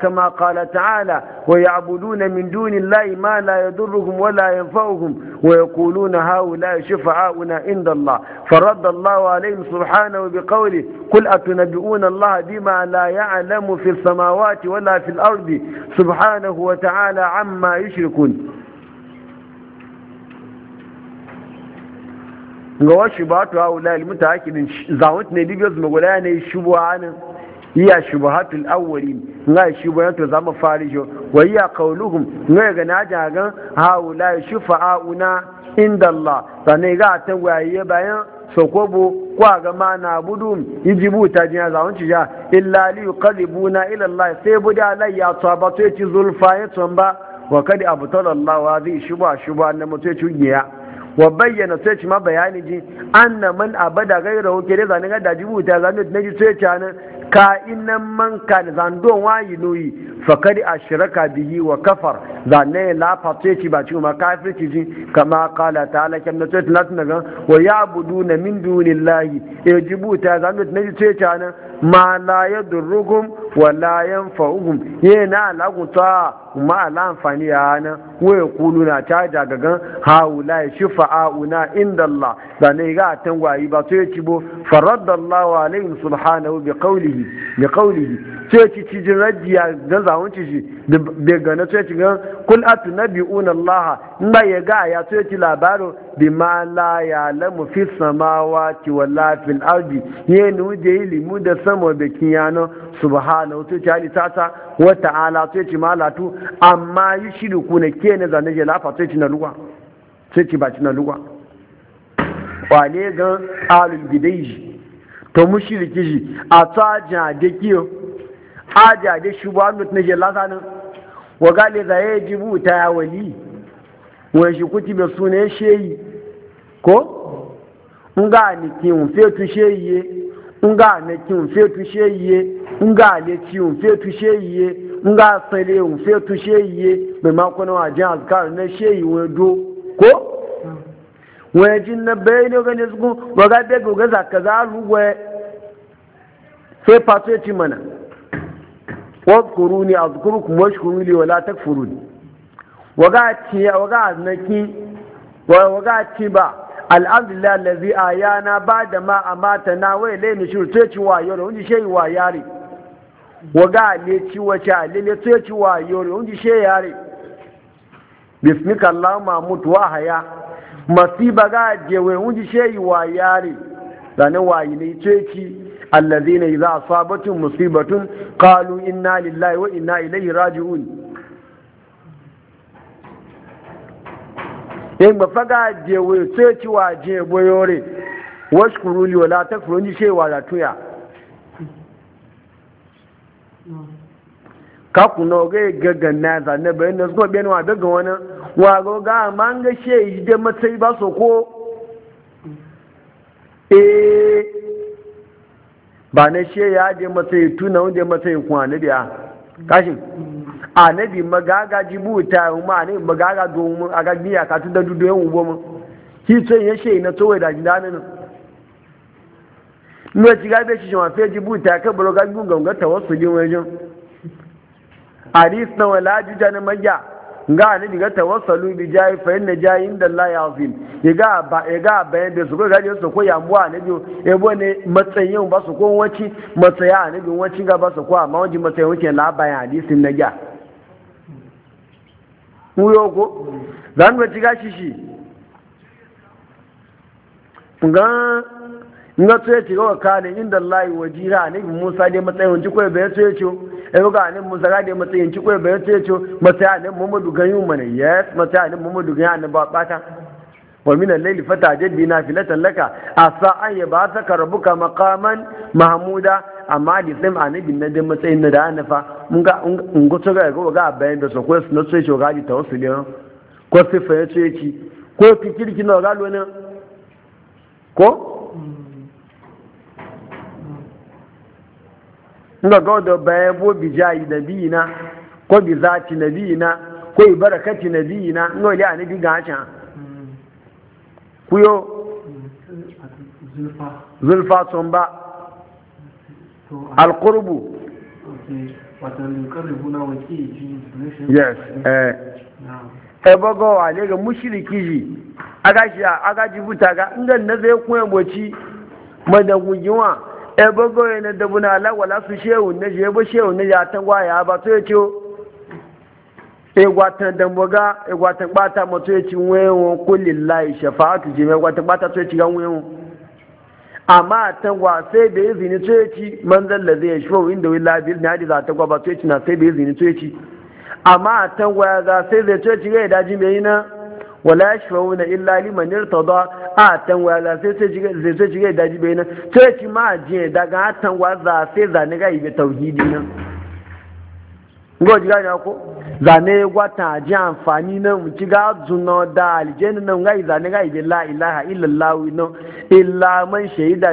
كما قال تعالى ويعبدون من دون الله ما لا يضرهم ولا ينفعهم ويقولون هؤلاء شفعاؤنا عند الله فرد الله عليهم سبحانه بقوله قل أتنبئون الله بما لا يعلم في السماوات ولا في الأرض سبحانه وتعالى عما يشركون ga wasu ba ta hau la ilmu ta hakinin zawut ne libya su magula ne shubuhanin iya shubuhatul awwalin nga shubuhatul zama farijo wa iya qauluhum nga ga na jagan hau la shufa'auna inda Allah sanai ga ta waye bayan sokobo kwa ga ma na budu ijibu ta jiya zawun ci ja illa li yuqribuna ila Allah sai buda alayya ya ci zulfa ya tamba wa kad abtala Allah wa zai shuba shuba na mutu ya ci wa bayyana sai ci ma bayani ji anna man abada gaira hoke da zanen gada jibuta zanen na ji sai ci ka inan man ka da zandon wayi nuyi fakari a shiraka biyi wa kafar zane ya sai ci ba cikin makafirci ji kama kala ta halakar na sai na daga wa ya budu na min dunillahi ya e jibuta zanen na ji sai ci ma la ya durruhum wa la yanfa'uhum yana alaguta ma ala amfani ya nan waya kulu na ta jagagan haula ya shifa'auna inda Allah da ne ga tangwayi ba to ya ci bo faraddallahu alaihim subhanahu bi qawlihi bi qawlihi sai ci ci jin rajiya da zawun ci da ga na sai ci ga kul atunabiuna Allah in ba ya ga ya to ya ci labarin bima la lamu fi wa lafin fil ardi ni wuje limu da sama da kiyano subhanahu to ta tata wa ta'ala to ci malatu amma yi yushriku ne kene zane je lafa to ci na luwa sai ci ba ci na luwa wale gan alul bidaiji to ki ji a tsaja da kiyo aja da shubanu ne je lasanin wa gale za yajibu ta wali wa shi kuti be sunan sheyi ko nga ni ki un fe tu she ye nga ne ki un fe tu she ye nga le ki un fe tu she ye nga sele un fe tu she ye be ma ko na ajin azkar na she yi we do ko we jin na be ne ga ne su wa ga be ga za ka we fe ti mana wa kuruni azkurukum washkuru li wala takfuruni waga ci waga na ki ba alhamdulillah lazi a yana ba da ma a mata na wai ni shi to ci wayo yoro wani shi wa yare waga ne ci wace ne to ci wayo yoro wani shi yare bismika allah mahmud wa haya masiba ga jewe wani shi wa yare zane wa yi ne to ci allazina idza asabatun musibatun qalu inna lillahi wa inna ilaihi raji'un in ba faga je wayo sai ciwa wa je boyore washkuru li wala takfuru ni she wa tuya ka kuno ga gaggan na za ne bayan da suka biyan wa daga wani wa ga ma n ga she yi da matsayi ba so ko eh ba na she ya je matsayi tuna wanda matsayi kuma ne biya kashin anabi magaga jibuta ma anabi magaga domin a gagbiya ka tun da dudu ya ubo mu ki ce ya she na to da gida nan no ci gabe shi ma fe jibuta ka bolo ga gunga ga tawassuli wajen hadis na wala juja na magya ga anabi ga tawassalu bi jayi fa inna jayi inda Allah ya azim ya ga ba ya ga bayan su ga gaje su ko yambu anabi e bo ne matsayin ba su ko wanci ga ba su ko amma matsayin wuce hadisin na wuyo ko za mu ci gashi shi ga nga to ya ci ga kane inda Allah wajira ne Musa dai matsayin ci ko bai to ya ci eh ga ne Musa ga dai matsayin ci ko bai to ya ci matsayin ne Muhammadu ganyu mana yes matsayin ne Muhammadu ganyu annabi ba ta wa min al-layli fatajid bi nafilatan laka asa an yabasaka rabbuka maqaman mahmuda amma di sim anabi na da matsayin da ana fa mun ga mun ga ga ga ga bayan da so ko na so ce ga ji tawassuli ko sifa ya ce ki ko fikir ki na ga lona ko nga ga da bayan bo bi jayi na? ko bi zati nabiyina ko bi barakati nabiyina ngoli anabi ga can kuyo zulfa sun ba alkurbu yes eh ebogo eh, wale ga mushiriki ji agaji agaji buta ga ngan eh, na zai wala su shehu je bo shehu ya tangwa egwatan damboga egwatan bata mato ya ci wewo kulillahi shafa'atu jime egwatan bata to ya ci gan amma ta gwa sai da izini to ya ci manzan inda na hadiza ta gwa ba to ya ci na sai da izini to ya ci amma ta gwa za sai zai ga wala ya shi na illa liman irtada ta gwa za sai zai ci ga mai to ya ci ga ibe tauhidi na. zane gwata ji amfani na muci ga zuna da aljihani nan gai zane ga bi la ilaha illallah no illa man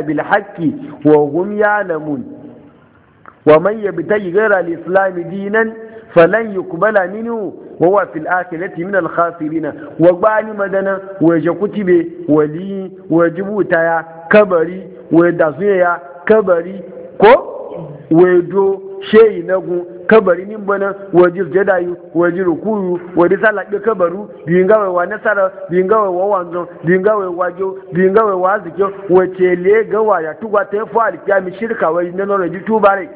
bil haqqi wa hum ya'lamun wa man yabtaji ghayra al islam dinan falan yuqbala minhu wa huwa fil akhirati min al khasirin wa gbani madana wa kutibe wali wa jibuta ya kabari wa ya kabari ko wedo sheyi nagun kabari nin bana waji jadayu waji rukuyu waji salaki kabaru biyin wa nasara biyin wa wanzo biyin wa jo biyin wa wace le gawa ya tuwa ta fa alkiyami shirka wai nan raji tubare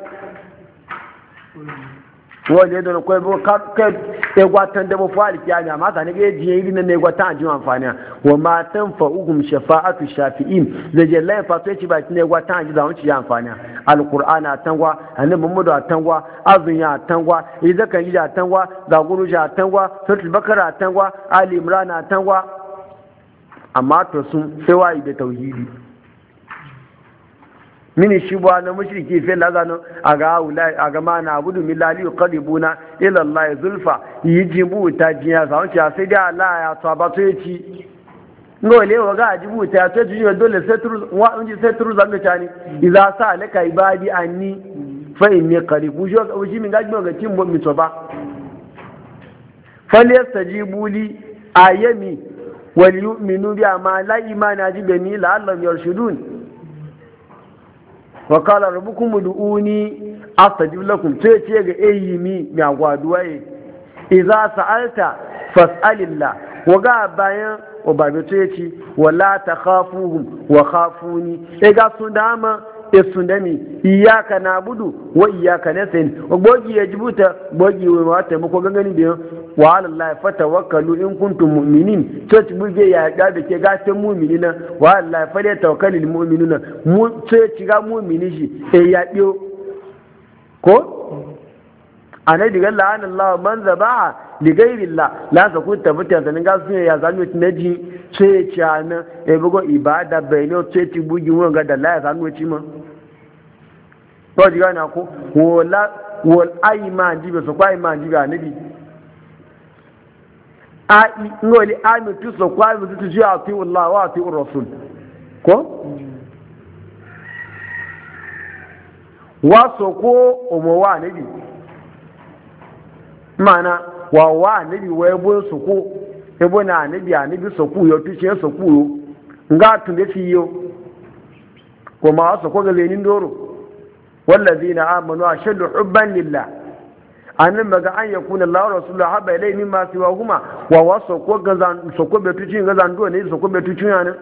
wọ́n da dọ̀nà kọ́ ẹ̀bùn kẹ́ ẹ̀gbà na dẹ́bọ̀ fún àlìkí àná àmọ́ àtàní kẹ́ ẹ̀dìyẹ ìdí nínú ẹ̀gbà tán àjọ àǹfààní à wọ́n máa tẹ́ ń fa ugun ṣẹ̀fà àti ṣàfi im lẹ́jẹ̀ lẹ́yìn fàtó ẹ̀kí bá ti ní ẹ̀gbà tán àjọ àwọn ṣìyà àǹfààní à alukur'an àtàngwa àní muhammadu àtàngwa azunya àtàngwa ìdẹ́kàn yíyà àtàngwa zaguruja àtàngwa sọtìlbakara àtàngwa alimran àtàngwa amma to sun sai wa da tauhidi mini shi ba na mushriki fi lazano a ga wula a ga ma na abudu milali yuqribuna ila Allah zulfa yijibu ta jiya sa wanci sai da Allah ya to ba to yaci no le wa ga jibu ta to ji dole sai turu wa unji sai turu zanga tani idza sa alaka ibadi anni fa inni qaribu jo ga wuji min ga jibo ga tin bo mi to ba falyastajibu li ayami wal yu'minu bi ma la imana jibani la Allah yarshudun wa ربكم ادعوني استجب لكم lakum ga ayyimi mi agwaduwaye idza sa'alta fas'alillah wa ga bayan wa ba bi sai wala takhafuhum wa khafuni e ga e sundami iyyaka na'budu wa iyyaka nasta'in ogbogi ya jibuta gbogi wa ta mako gangani biyo wa fata fatawakkalu in kuntum mu'minin church buge ya ga da ke gatin fa wa alallahi fatawakkalil mu'minuna mu church ga mu'mini shi e ya biyo ko anai diga la'anallahu man zabaha li ghairillah la sa ku tabbata da ga sun ya zanu ji church ana e bugo ibada bayno church bugi won ga da la zanu ci ma ko diga na ko wala wal ayman jibe so ko ayman jibe anabi ngoli amin tu so kwa mu tu ji ati wallahi wa ati rasul ko wa ko omo wa nabi mana wa wa nabi wa ebo so ko ebo na nabi a nabi so yo tu che so nga tun de fi yo ko ma so ko ga lenin doro wallazina amanu ashaddu hubban lillah anan maga an yakuna Allah wa rasulullah haba ilai mimma siwa huma wa wa soko gazan betu cin gazan do ne betu cin yana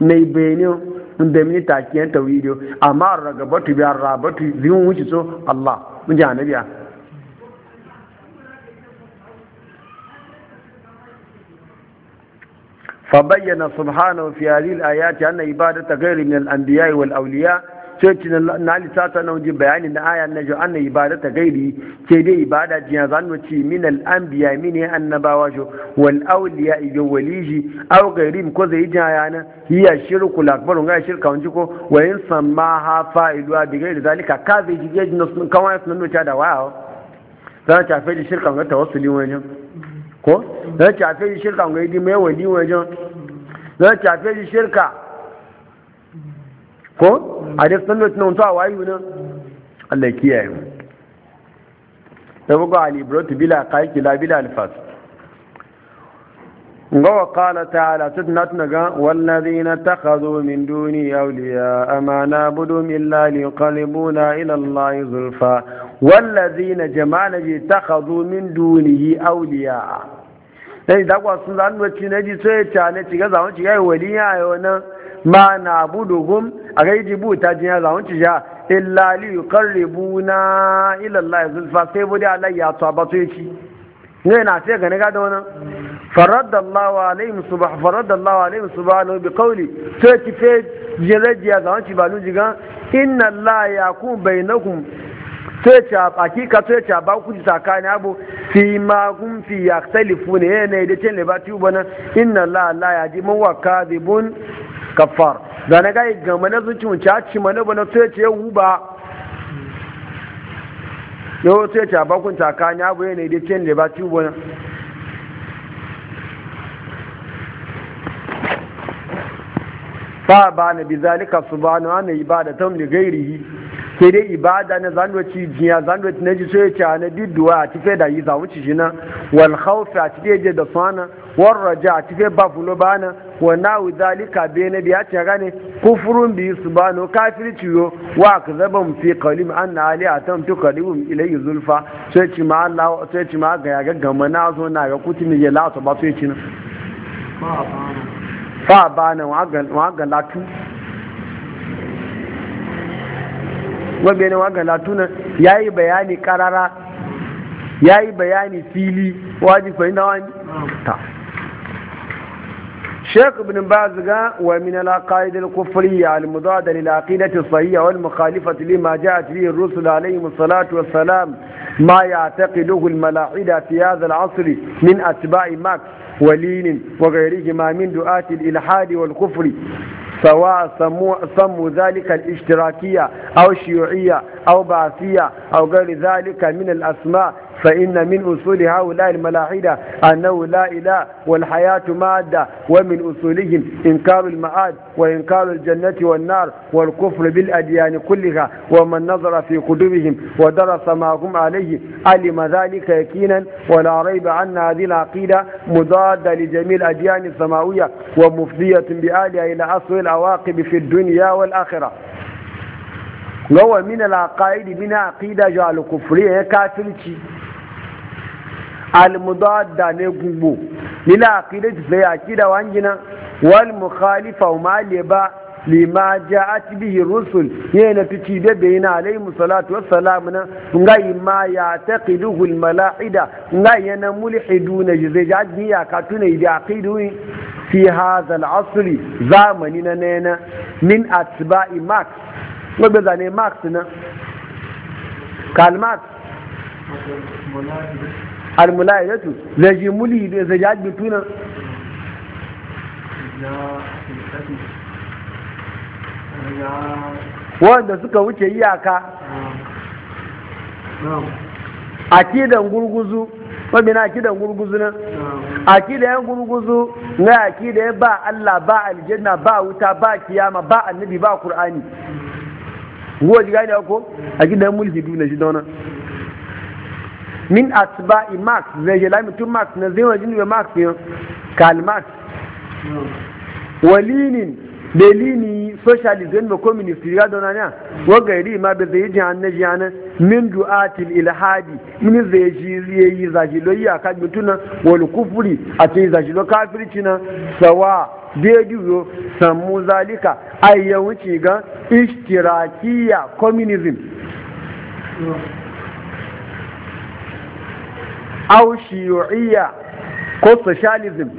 ne bayani da mini ta video amma ragabatu bi arabatu zin wuce so Allah mun ji annabiya فبين سبحانه في هذه الآيات أن عبادة غير من wal awliya' sai na litata na wajen bayani na aya na jo ibada ta gairi ke dai ibada jiya zan wace min al anbiya min annabawa jo wal awliya ibn waliji aw gairin ko zai jaya na hiya shirku lakbar ga shirka wani ko wa in sammaha fa'ilu bi gairi zalika ka zai gaji na sun kawai sun nuna da wa'o zan ta da shirka ga tawassuli wajen ko zan ta fa shirka ga idi mai wali wajen zan ta fa shirka ko a da sannan tunan a wayo nan Allah kiyaye mu da Ali, alibratu bila kaiki la bila alfas gawa kala ta'ala su tuna tuna ga wallazi na ta kazo min duni yauliya amma na budu illa li qalibuna ila Allah zulfa wallazi na jama'a bi ta kazo min dunihi auliya dai da kwa sun zanu ci na ji sai ta ne ci ga zamu ci yi waliya yau nan ma na buduhum a gaiji buta jiya za wanci ja illa li na ila ya zulfa sai bude Allah ya tsaba to yaci ne na sai ga ne ga da wannan farad Allah alaihim subah farad Allah alaihim subhanahu bi qawli sai ki fe jira jiya za wanci ba nuji ga inna Allah ya bainakum sai ce hakika sai ce ba ku ji tsakani abu fi ma kun fi ya yaktalifu eh, ne yanayi da cin libati ubana inna Allah la ji mawa kazi bun. kafar da na gaya gama na zuci wuce a ci mana ba na sai ce yau ba yau sai ce a bakun taka ya bu yanayi da ce da ba ci wani ba ba na bi zalika su ba na wani ibada ta wani gairihi sai dai ibada na zanwaci jiya zanwaci na ji sai ce na didduwa a cikin da yi zawuci shi na wal khawfi a cikin je da sana wal raja a cikin ba fulo bana wa na'u zalika be na biya ce gane kufurun bi subhanahu kafirci yo wa kazabam fi qalim anna ali atam tu qalim ilayhi zulfa sai ci ma Allah sai ci ma ga ga gama na zo na ga kuti ne ya la so ba sai ci na fa bana wa ga wa ga latu wanda yana waga latunan ya yi bayani karara ya yi bayani fili waji fahim na wani ta shek bin ba a ziga wa mina la ƙa'idar kufuri ya almuzawa da lilaƙi na tisayiya wani makalifat le ma ji rusu da alayi wa salam ma ya ta dogon mala'i da fiye da al'asiri min a ti mark walinin wa gari gima min du'a ti ilhadi wal kufuri سواء سموا ذلك الاشتراكية أو شيوعية أو بعثية أو غير ذلك من الأسماء فإن من أصول هؤلاء الملاحدة أنه لا إله والحياة مادة ومن أصولهم إنكار المعاد وإنكار الجنة والنار والكفر بالأديان كلها ومن نظر في قلوبهم ودرس ما هم عليه علم ذلك يقينا ولا ريب أن هذه العقيدة مضادة لجميع الأديان السماوية ومفضية بآلها إلى أصل العواقب في الدنيا والآخرة لو من العقائد من عقيدة جعل كفرية كافرتي المضادة نقبو للعقيدة في عقيدة وانجنا والمخالفة وما لبا lima ti bihi rusul yana fici da na alaihi salatu salamu na ngai ma ya yi al mala'ida ngai yana mulhiduna zai jaji ya yi idi aqidu fi hadha al asr zamani na nena min atba'i max wabe zane max na karl marx al mula'idatu zai ji mulhiduna zai jaji tuna wanda suka wuce iyaka kidan gurguzu a kidan gurguzu nan A yan gurguzu na ya kidan ba Allah ba aljanna ba wuta ba kiyama ba annabi ba qur'ani go ji gane ko A kidan mulki duna shi dona min asba'i max zai je lami tun max na zai wajin max ne kal max hmm. walinin dalili socialism da communist ya dona ne wa gairi ma ba zai jihan na jihan min du'atil ilhadi min zai ji zaji lo ya ka mutuna wal kufri a ce lo kafirci na sawa daidaiyo samu zalika wuce ga ishtirakiya communism au shiyu'iyya ko socialism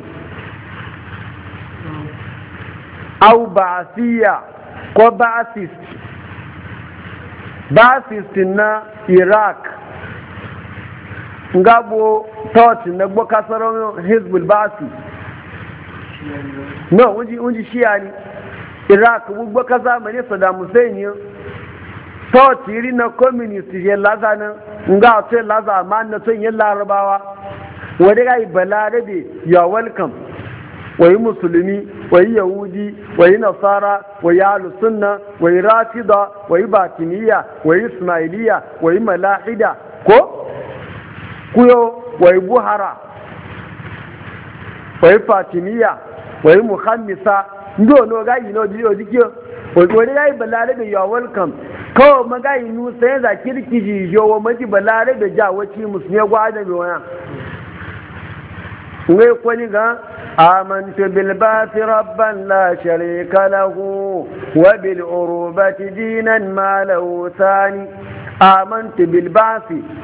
au ba'asiyya ko ba'asist ba'asist na iraq ngabo tawati na gbo kasarar hezbollah ba'asi no wunji wunji shiya ni iraq gbogbo ka zamani saddam hussein yi tawati iri na communist ya laza nan nga to laza ma na to yin larabawa wadda ga yi balarabe you are welcome wayi musulmi wayi yahudi wayi nasara wayi alusunna wayi rafida wayi batiniya wayi ismailiya wayi malahida ko kuyo wayi buhara wayi fatimiya wayi muhammisa ndo no ga yi no jiyo jikiyo wani ya yi balare da you welcome kawai magayi nusa ya za kirki jiyo wa maji balare da jawaci musulmi ya gwada mai wani ngai kwani ga آمنت بالبعث ربا لا شريك له وبالعروبة دينا ما له ثاني آمنت بالبعث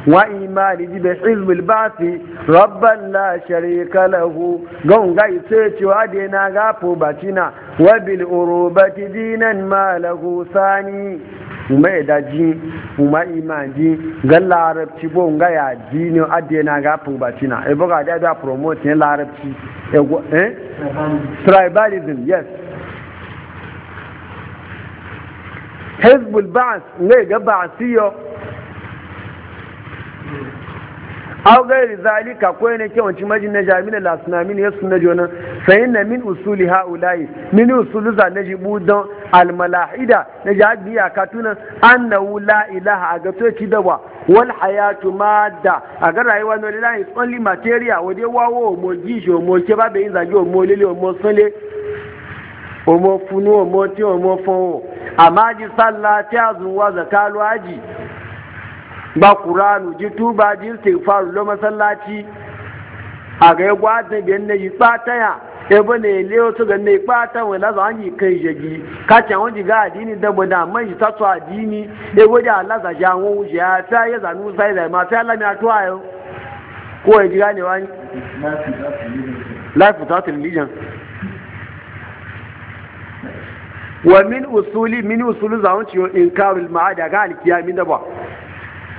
وإيماني بحزب البعث ربا لا شريك له قوم قاي سيتي وادينا غابو باتنا وبالعروبة دينا ما له ثاني kuma ya daji kuma imanji ga larabci bo nga ya ji ne adiye na ga baci na e boga da da promote ne larabci e eh tribalism yes hezbul ba'th ne ga ba'asiyo hmm. aw gairi zalika ko ne ke wancin majin na jamina la sunamin ya sunna jona sai na min usuli haula'i min usulu za na jibu don almalahida na jabi ya katuna annahu la ilaha a ga toki dawa wal hayatu madda a ga rayuwa no la is only material wode wawo mo gijo mo ke ba be zage, zagi mo lele mo sunle mo funu mo ti mo fo amma ji sallah ta zuwa zakalu aji ba kuranu ji tuba ji faru lo masallaci a ga ya gwada biyan na yi taya ebe na ile wasu ga na ikpe wani nwere laza anyị kai jegi kacha wani ga adini dabo da man shi tatu adini ebe da alaza ji awon wuce ya ta yi zanu sai zai ma fi alami ato ayo ko ya ji gane wani life without religion wa min usuli min yau zawon ciwo inkarul ma'ada ga alkiya min dabo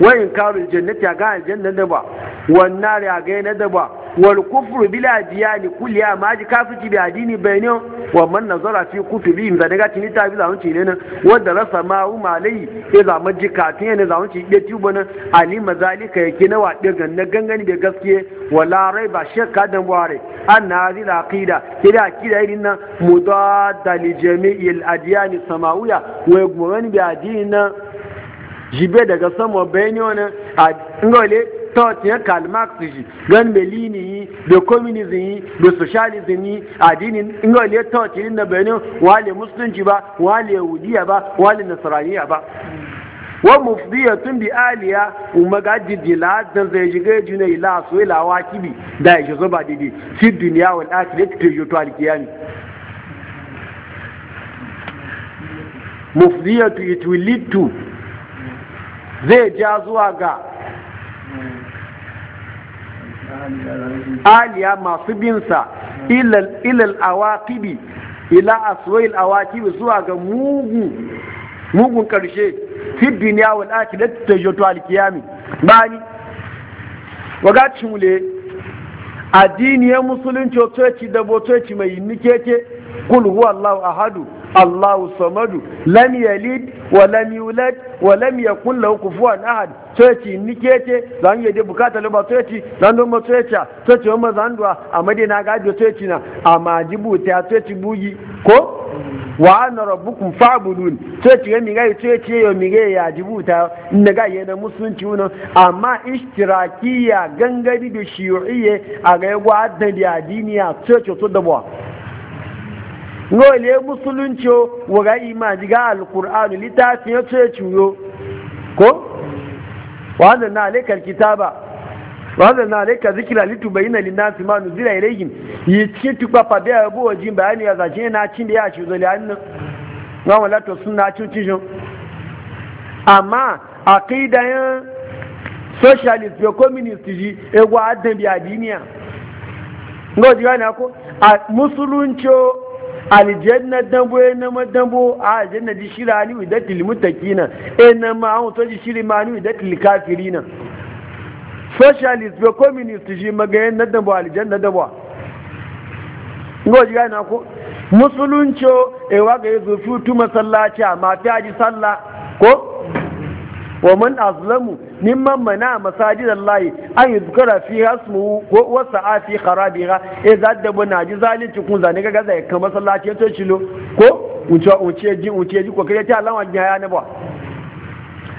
wayin karul jannati ga aljanna da ba wan nari ga na da ba wal kufru bila diyani kulliya ma ji kafici bi adini bayno wa man nazara fi kutubi da daga tini ta bi zawunci ne nan wanda rasa ma hu malai ya zama jikatin ne zawunci ya tubo nan ali mazalika yake na wa digan na gangani da gaskiye wala rai ba shakka da ware anna hadhihi al aqida kida aqida irin nan mudadda li jami'il adiyani samawiya wa gumani bi adini jibe daga sama bayani wani a ngole thought ya Karl Marx ji gan melini yi da communism yi da socialism yi addinin ngole thought din na bayani wale musulunci ba wale yahudiya ba wale nasraniya ba wa tun bi aliya umma gaji dila dan zai jiga juna ila so ila wakibi da ya zo ba dide fi duniya wal akhirati tajutu al qiyam mufdiyatu it will lead to zai ja zuwa ga aliya masu binsa ilal awakibi ila aswail awakibi zuwa ga mugu. mugun karshe fi duniya da ta tajatu al alkiyami. bani waga chule addini musulunci otoci da botoci mai nikeke kul allahu ahadu Allahu samadu lam yalid wa lam yulad wa lam yakul lahu kufuwan ahad tsoyaci nikece zan yi da bukata ba, tsoyaci zan do tsoyaca tsoyaci wamma zan amade na madina gajo tsoyaci na a majibu ta tsoyaci bugi ko wa ana rabbukum fa'budun tsoyaci ya mi ga tsoyaci yo mi ga ya jibu ta inda ga yana musunci uno amma ishtirakiya gangari da shiyuiye a ga yagwa addan da adiniya tsoyaci to da ngole musuluncho waga imaji ga alqur'an litafin ya chuyo ko wanda na alaikar kitaba wanda na alaikar zikira litubaina bayyana linnasi ma nuzira ilayhim yi cikin tukpa fabe ya wajin bayani ya zaje na cin da ya shi zoli annan na wala to sunna cin cijin amma ya socialist ko communist ji ewa adan bi adiniya ngo jiga na ko musulunci aljanna dambo na ma dambo a aljanna ji shira ni da tilmutakina ina ma an wuto ji shiri ma ni da tilkafirina socialist be communist ji magaya na dambo aljanna dambo ngo ji na ko musulunci ewa ga e fi tu masallaci a mafi aji sallah ko wa man azlamu mimman mana masajidallahi an yuzkara fi hasmu wa sa'a fi kharabiha e eh, zadda bu naji zalunci kun zane ga gaza kan masallaci to shilo ko uce uce ji uce ji ko kare ta Allah wa ya ne ba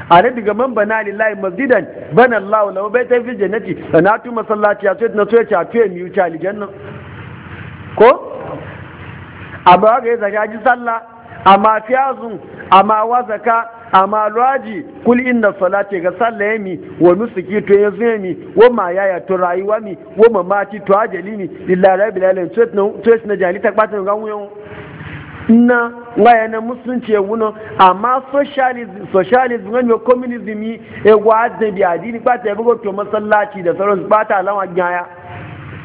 a nan daga man bana lillahi masjidan bana Allah lahu baita fi jannati sanatu masallaci ya ce na so ya ce a tuye mi wuce aljanna ko abu ga ya zaka ji sallah amma fiyazun amma wazaka amma lwaji kul inna salati ga sallah mi wa nusuki to yanzu mi wa ma yaya to rayuwa mi wa mati to ajali mi lillahi rabbil alamin to na jali ta kwata ga wuyan na waya na musulunci wuno amma socialism socialism wani communism yi ewa bi adini kwata ya bugo to masallaci da sauran bata alama gaya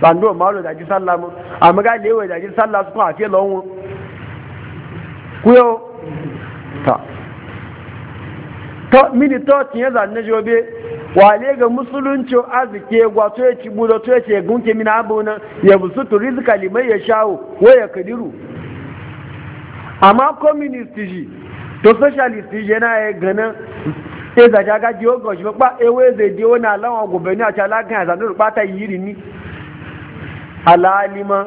bando malo da ji sallah mu amma ga lewa da ji sallah su kuma afiye lawon kuyo ta to mini to tiye za ne jobe wale ga musulunci azike gwato ya ci budo to ya ce gunke mini abu na ya busutu rizika limai ya shawo ko ya kadiru amma communist ji to socialist ji yana ya gana e za ga jiyo ga shi ba ewe zai gobe ni lagan yiri ni alalima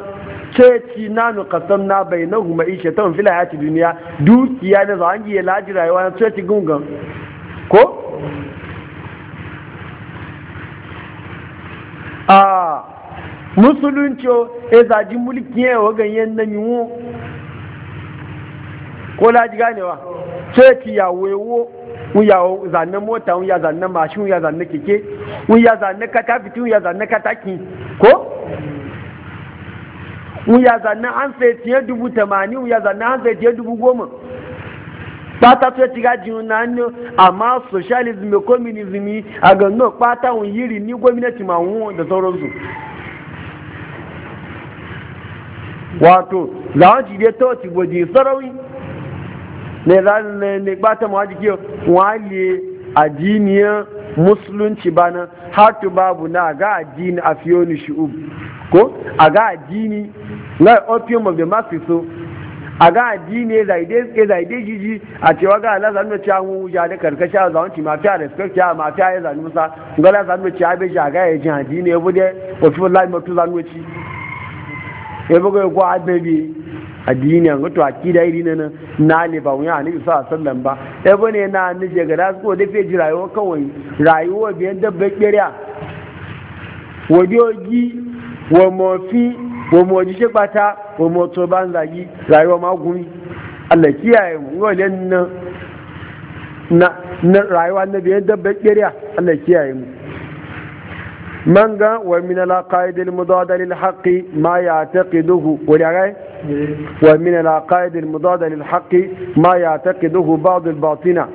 teci na nu na bai na huma ishe ta fila lahaci duniya dukiya na zawon ya laji rayuwa na teci gungan ko? a musulunci e zaji mulki ya wa ganyen na yiwu ko laji ganewa teci ya wewo wuya zanne mota wuya zanne mashin wuya zanne keke wuya zanne katafiti wuya zanne kataki ko? wuya zannan an sai tiye dubu tamanin wuya zannan an sai tiye dubu goma pátá tó ti ga jìnnà náà ní àmọ́ socialism communism àgànnà pátá òun yìí rí ní gómìnàtì máa wọ́n da sauransu wato zawon ci dai tawaci gwaji sarawi ne zanen ne gbata mawa jike wale ajiniyar musulunci bana hatu babu na ga jini a fiyoni shi'ub ko a ga jini na opium of the masses so a ga jini ya zaide jiji a cewa ga ala zanu ci an wuja da karkashin a zaun ci mafiya respect ya mafiya ya zanu musa ga ala zanu ci abe ja ga ya ji addini ya bude ofi wallahi mutu zanu ci ya bugo ya ko abebi addini an to akida iri na na ne ba wuya annabi sallallahu alaihi wasallam ba eh bane na annabi ga da ko da yo rayuwa kawai rayuwa biyan dabba kiriya wadiyogi wa mafi wa moji shi bata wa moto ban zagi rayuwa ma gumi Allah kiyaye mu walen na na rayuwa na biyan dabba kiriya Allah kiyaye mu من قال ومن العقائد المضاده للحق ما يعتقده ومن العقائد المضاده للحق ما يعتقده بعض الباطنه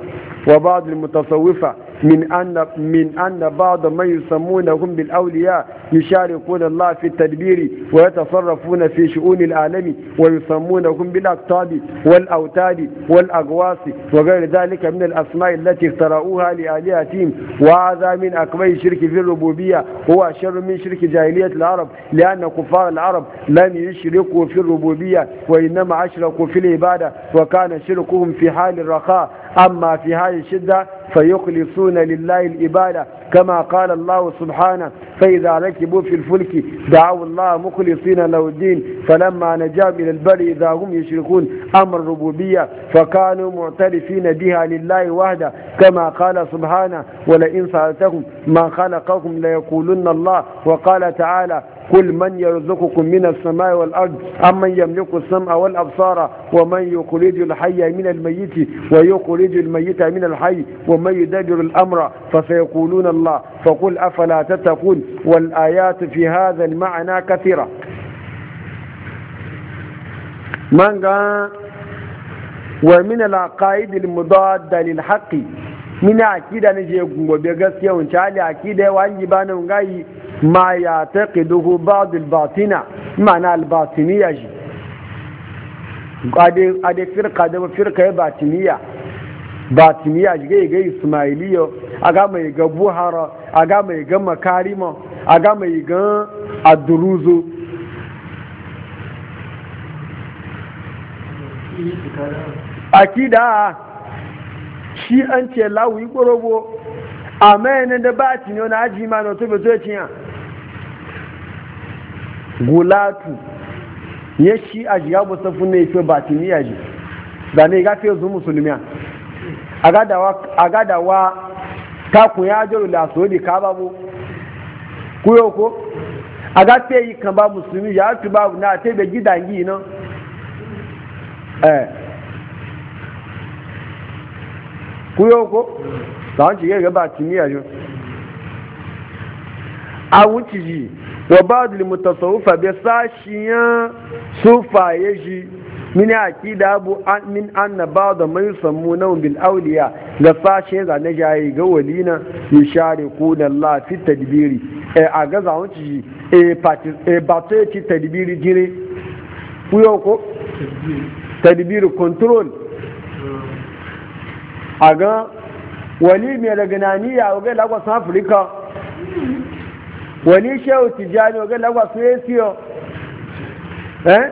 وبعض المتصوفة من أن من أن بعض من يسمونهم بالأولياء يشاركون الله في التدبير ويتصرفون في شؤون العالم ويسمونهم بالأقطاب والأوتاد والأقواس وغير ذلك من الأسماء التي اخترعوها لآلهتهم وهذا من أكبر شرك في الربوبية هو شر من شرك جاهلية العرب لأن كفار العرب لم يشركوا في الربوبية وإنما أشركوا في العبادة وكان شركهم في حال الرخاء أما في هذه الشدة فيخلصون لله الإبادة كما قال الله سبحانه فإذا ركبوا في الفلك دعوا الله مخلصين له الدين فلما نجاب إلى البر إذا هم يشركون أمر الربوبية فكانوا معترفين بها لله وحده كما قال سبحانه ولئن سألتهم ما خلقكم ليقولن الله وقال تعالى قل من يرزقكم من السماء والأرض أمن يملك السمع والأبصار ومن يخرج الحي من الميت ويخرج الميت من الحي ومن يدبر الأمر فسيقولون الله فقل أفلا تتقون والآيات في هذا المعنى كثيرة من قال ومن العقائد المضادة للحق من عقيدة نجي وبيغسيا ونشالي عقيدة وانجبانا ونغاي ma ya taqiduhu ba'd al ma na al-batiniya ji ade ade firqa da firqa batiniya batiniya ji ga ga ismailiyo aga mai ga buhara aga mai ga makarima aga mai ga adruzu akida shi an ce lawi korobo amma yana da batiniyo na aji ma na to be to ciya gulatu ya shi a jiya bu safu ne fi batini ya ji zane ga fi zu musulmi a gadawa ta ku ya jaru laso di ka babu kuyo ko a ga fi yi kan ba musulmi ya tu babu na ta bai gidan yi nan eh kuyo ko ta hanci ga batini ya ji a wuce ji wa ba'dul mutasawwifa bi sashiyan sufaye shi min aqida abu min anna ba'da man yusammuna bil awliya ga sashe ga na jayi ga walina yushariku da Allah fi tadbiri e, a ga zawon ci e parti e bato ci tadbiri jire kuyo ko tadbiri control a ga wali mai daga naniya ga lagos afirka wani shehu tijjani oge galawa su ya siyo eh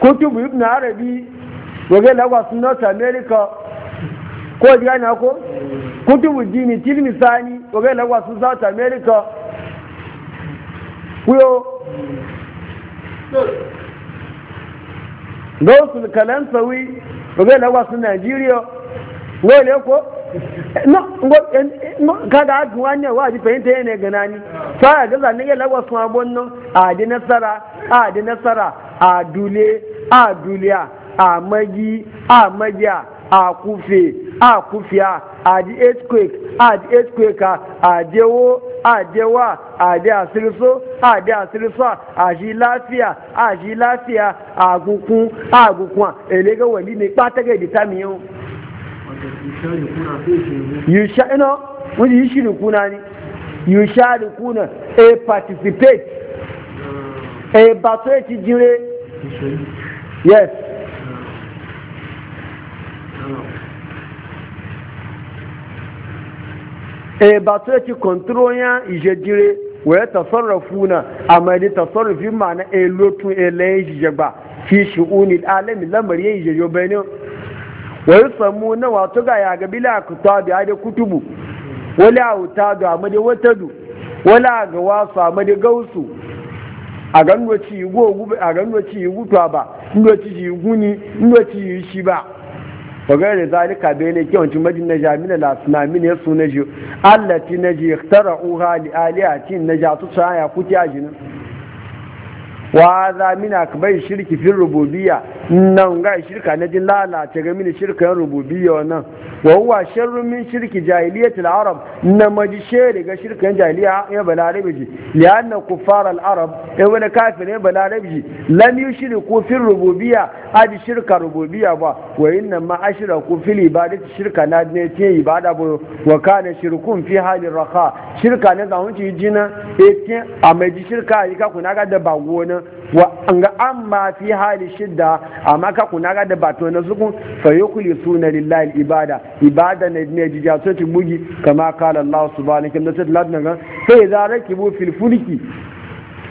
kutubu ibn arabi oge galawa su north america ko gani ko kutubu dini tilmisani oge galawa su south america kuyo gausul kalansawi wa galawa su nigeria wani ko kada aka wani waji fahimta yana gana ni sai ga zane ya lagos ma bonno a di nasara a di nasara a dule a duliya a magi a magiya a kufe a kufiya a di earthquake a di earthquake a dewo a dewa a di asiriso a di asiriso a shi lafiya a shi lafiya a gukun a gukun elega wali ne kpata ga edita miyan yusha ino wani yushirikuna ni yusharikuna a participate a bato ya ci jire yes a bato ya ci control ya ije jire wee tasarrafuna amma da tasarrufi ma'ana a lotun a shi fi shi'uni alami lamari ya ije wani samu na wato ga ya ga bila ya da kutubu wala autadu amade wani a ga wasu amade gausu a ga ndoci yi gogu a ga ndoci yi gutwa ba ndoci yi guni ndoci yi shi ba wa da zalika bai ne kyau tun majin na jamina la suna min yasu na ji allati na ji tara uha li aliyati na ja tu sa ya kuti ajinin wa za mina bai shirki fin rububiyya nan ga shirka na jin lalace ga mini shirkan rububiyya wannan wa huwa sharru min shirki jahiliyyat al-arab na maji shere ga shirkan jahiliya ya balarabi li anna kuffar al-arab ya wani kafir ya balarabi lam yushriku fin rububiyya adi shirka rububiyya ba wa inna ma ashraku fil ibadati shirka na ne ce ibada bo wa kana shirkun fi halin raka shirka na zaunci jina e a maji shirka yi ka kuna ga da ba gona wa ga amma fi hali shidda amma ka kuna ga da bato na zukun fa yukhlisuna lillahi ibada ibada ne ne ji sai bugi kama kala Allah subhanahu wa ta'ala ladna ga fa idza rakibu fil fulki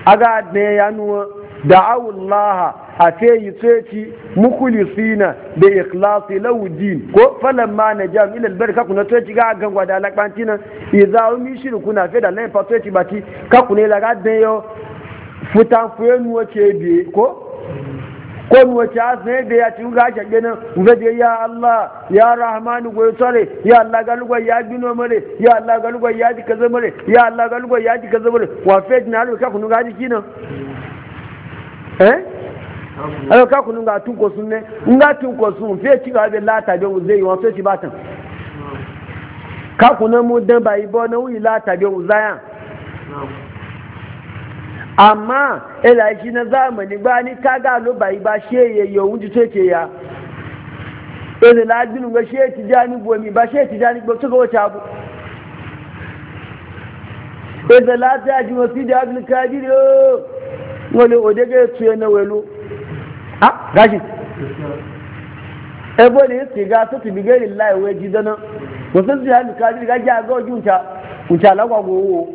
aga ne ya nuwa Allah a sai yi tsoci mukulisina da ikhlasi lau din ko falan ma na jam ila albarka kuna tsoci ga gangwa da alakanci nan idza umi shiru kuna fe da lai fa tsoci bati ka kuna la ga dan yo futan fuyenu wace biye ko ko mu wace azne da ya ci ga shage nan ga je ya Allah ya rahman goyi sare ya Allah galugo ya bino mare ya Allah galugo ya ji kaza mare ya Allah galugo ya ji kaza mare wa fed na ka kunu ga ji kinan eh ayo ka kunu ga tun ko sunne in ga tun ko sun fe ci ga be lata be uzai wa so ci batan ka kunu mu dan bai bo na wi lata be uzaya amma ila shi na zamani ba ni ka galo bai ba shi ya yawun ji take ya la ladinu ga shi ti jani bomi ba shi ti jani ba tuka abu ila la ta ji wasi e da abin kadiri wani odege tuye na welo a gashi ebo ne yake ga su ti bigari lai wai ji dana wasu su jani kadiri ga ji a ga ojunta wuce alagwa gowo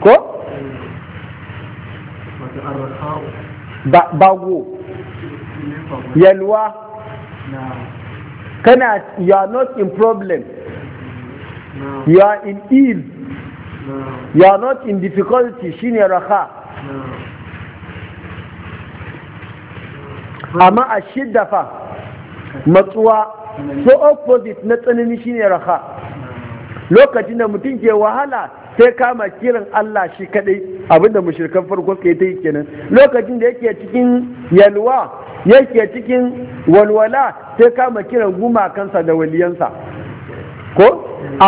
ko bago yalwa kana you are not in problem you are in ill you are not in difficulty shine raha amma a shidda fa matsuwa so opposite na tsanani shine raha lokacin da mutum ke wahala sai kama kiran Allah shi kadai abinda mushrikan farko suka ta yi kenan lokacin da yake cikin yalwa yake cikin walwala sai kama kiran gumakansa da waliyansa ko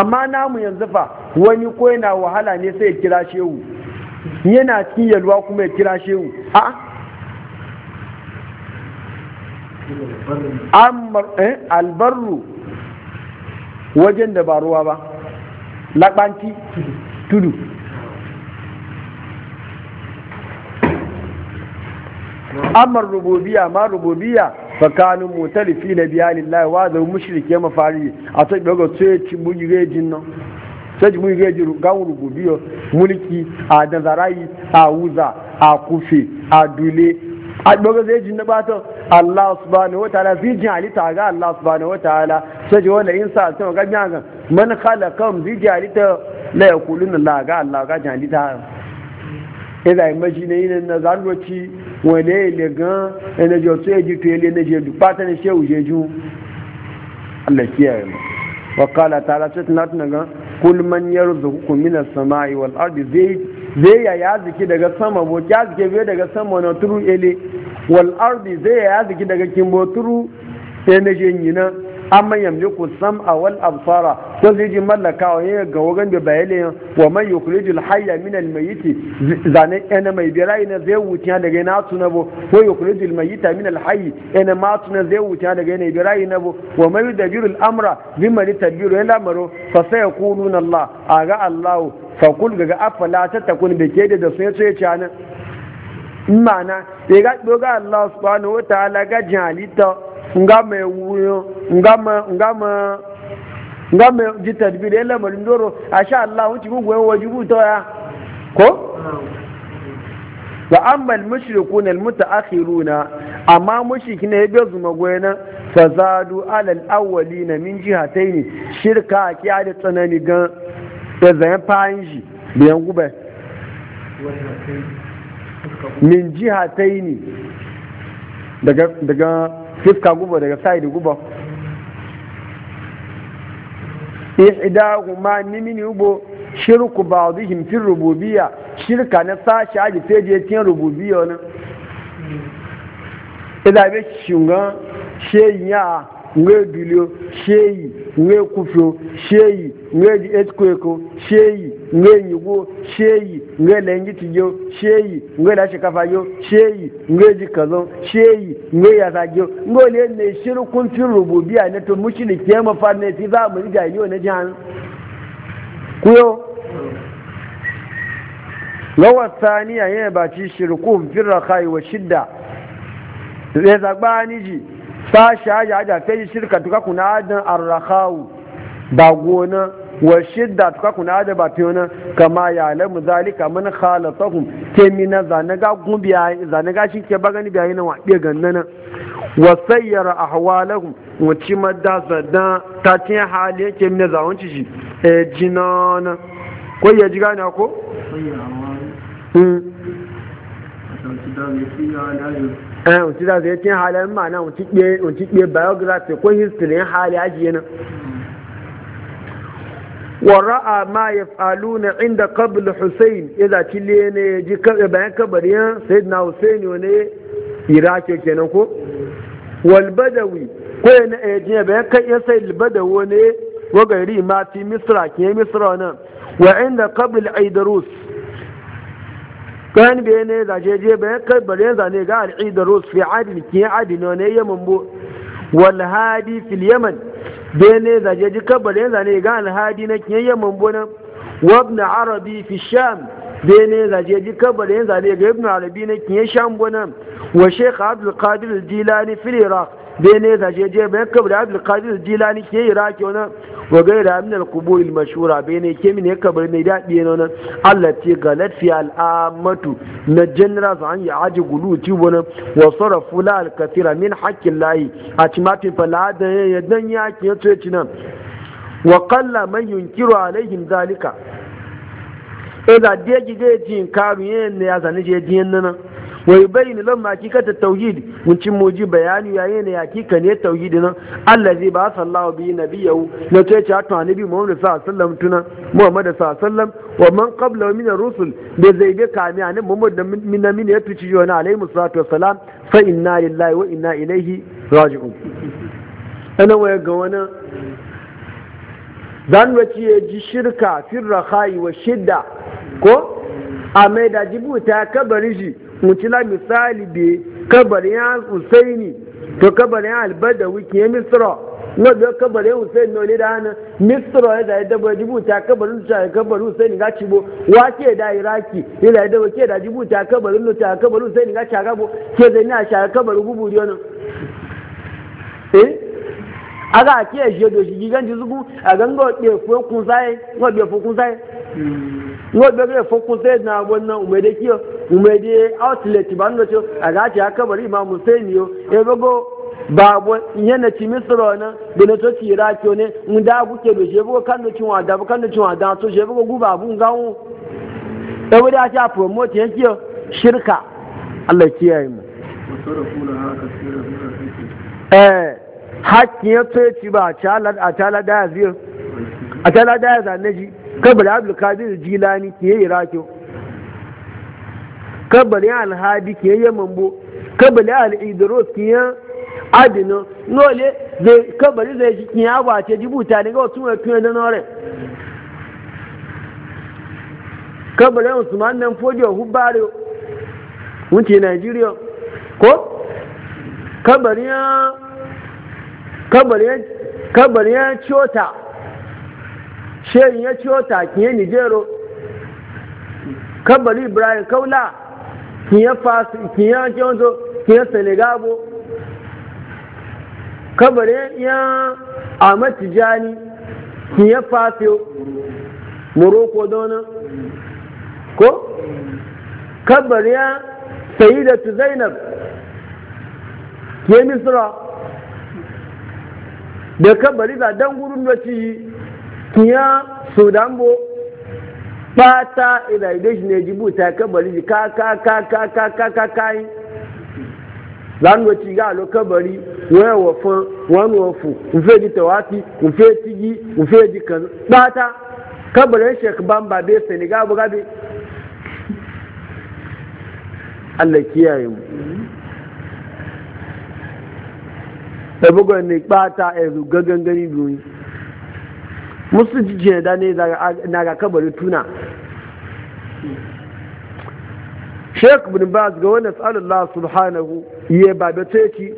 amma namu yanzu fa wani ko yana wahala ne sai ya kira shehu yana cikin yalwa kuma ya kira shehu a eh, albarru wajen da ba ruwa ba laɓanci tudu amman rububiya ma rububiya fakanin mutarifi na biya lillahi wa zai mushrike mafari a ta ɗaga tsoyaci rejin nan tsoyaci rejin gawon rububiya mulki a dazarayi a wuza a kufe a dule a ɗoga zai jin nabatan Allah subhanahu wa ta'ala zai jin halitta ga Allah subhanahu wa ta'ala sai wanda in sa sun ga nyanga man khalaqam zai jin halitta la yaquluna la ga Allah ga jin halitta ila imagine yin na zanroci wale le gan ene jo to eji to ele ne je du patan shi u je ju Allah kiyaye mu wa qala ta'ala sai tunatuna ga kul man yarzuqukum minas sama'i wal ardi zai zai ya ya daga sama bo daga sama na turu ele wal ardi zai ya ya ziki daga kimbo turu sai jenyina amma yamliku sam'a wal absara to zai ji mallaka wa yin ga wagan da bayale wa man yukhrijul hayya min al mayyit zane ina mai birai na zai wuta daga ina tuna bo ko yukhrijul mayyita min al hayy ina ma tuna zai wuta daga ina birai na bo wa man yudabiru al amra li tadbiru ila maro fa sayaquluna allah aga allah fa kul ga afala tatakun be ke da sai sai cana mana ya ga doga allah subhanahu wa ta'ala ga jalita ngama ya wuyo ngama ngama ngama ji tadbir yalla malum doro asha Allah wuce gugu yan wajibu to ya ko wa amma al-mushrikuna al-mutaakhiruna amma mushriki ne bai zuma goyena fazadu alal awwalina min jihataini shirka kiya da tsanani gan da zan fayin biyan gube min jihataini daga daga fiska guba daga side guba ihdahuma nimini ubo shirku ba'dihim fi rububiyya shirka na sashi aji feje tin rububiyya ne idan be shunga sheya nwe bilio sheyi nwe kufio sheyi nwe earthquake sheyi nwe nyugo sheyi nwe lengi tijo sheyi nwe da shikafa yo sheyi nwe jikazo sheyi nwe yasajo ngo le ne shirkun fi rububiyya ne to mushrike ma fa ne ti za mu ga yo ne jan kuyo lawa saniya yana baci shirkun fi rakai wa shidda zai zagba ni ji sasha ya ja ta yi shirka tuka kuna adin arrahawu ba gona wa shidda tuka kuna adin ba fiye kama ya lamu zalika min hun ke mina zanaga gumbiya zanaga shi ke bagani biya yana wa ɗe gannana wa sayyara ahwalahum wacce madda sadan, ta ce hali yake mina zawon ci shi e jinana ko ya ji gane ko? sayyara ahwalahum wuti da zai cin halayen ma'ana wuti ko history yin hali a jiye nan wa ma ya na inda kabul hussein ya zaci le ne ya ji bayan kabarin sayid na hussein ne iraki kenan ko wal badawi ko ya ne ma fi ke nan wa inda kabul kan bene ne da je je kai bare ga al'id rus fi adil ki adil ne yaman bo wal hadi fil yaman be ne da je je kai bare ga al hadi na ki yaman bo nan wa ibn arabi fi sham be ne da je je kai bare ga ibn arabi na ki sham bo nan wa shaykh abdul qadir al jilani fil iraq dai ne ta je je bayan kabri abdul qadir jilani ke yi raki wannan wa gaira min al qubur bai ne ke min kabri mai da biye wannan Allah ce galat fi al amatu na general an ya aji gulu ti wannan Wasu sarafu la min hakkin lahi a timati fala da ya dan ya ke nan alaihim zalika e wai bayin lam ma hakikata tauhid mun cin moji bayani yayin ne hakika ne tauhid nan zai ba sallahu bi nabiyahu na ce ta to annabi muhammad sallallahu alaihi wasallam tuna muhammad sallallahu alaihi wasallam wa man qabla min ar-rusul da zai ga kami annabi muhammad min min ya tuci na alaihi salatu wassalam fa inna lillahi wa inna ilaihi raji'un ana waya ga wani zan wace ya ji shirka firra wa shidda ko a mai da jibuta kabarin shi mutila misali bi kabarin ya husaini to kabarin ya albadawi ke misra na biyo kabarin husaini ne da hana misra ya da ya daba jibuta kabarin lucha ya kabarin husaini ga cibo wa ke da iraki ya da ya daba ke da jibuta kabarin lucha ya kabarin husaini ga cagabo ke zai na shaka kabarin guburi wani eh aga ake ya shi gigan ji zugu a ga ngo be ko kun sai ngo be fo kun sai ngo be be fo kun sai na wannan umede kiyo umede outlet ban cho aga ake aka bari imam Hussein yo e bago babu yana ci misro na bina to ci iraki ne nda buke do je kan do ci wa da bukan do ci wa da to guba bu e ake a hakkin ya tsaye ci ba a cala daya zir a tala daya zane ji kabar abdul kadir jilani ki yi rakiyo kabar ya alhadi ki yi mambo kabar ya al'idros ki yi adinu nole zai kabar zai ki yi ya ba ce ne ga wasu mai kiyar da nore kabar ya usman nan fodiyo hubbariyo wunce nigeria ko kabar ya kabar ya ciyota shirin ya ciyota kiye nijero kabar ibrahim kaula kiye fasu kiye kyoto kiye senegabo kabar ya ahmad tijani kiye fasu moroko dona ko kabar ya sayidatu zainab kiye misra da kabari za dan gurin lokaci kiya sudan bo fata ila ide shi ne jibu ta kabari ka ka ka ka ka ka ka kai lan lokaci ga lo kabari waya wafan wani wafu ufe ji tawati ufe tigi ufe ji kan fata kabarin shek bamba be senegal bu gabe Allah kiyaye mu ẹgbogbo ne kpata ẹzu gangan gani biyu musu jijiyar da ne na ga kabari tuna sheik bin baz ga wani tsallallah subhanahu ya babe teki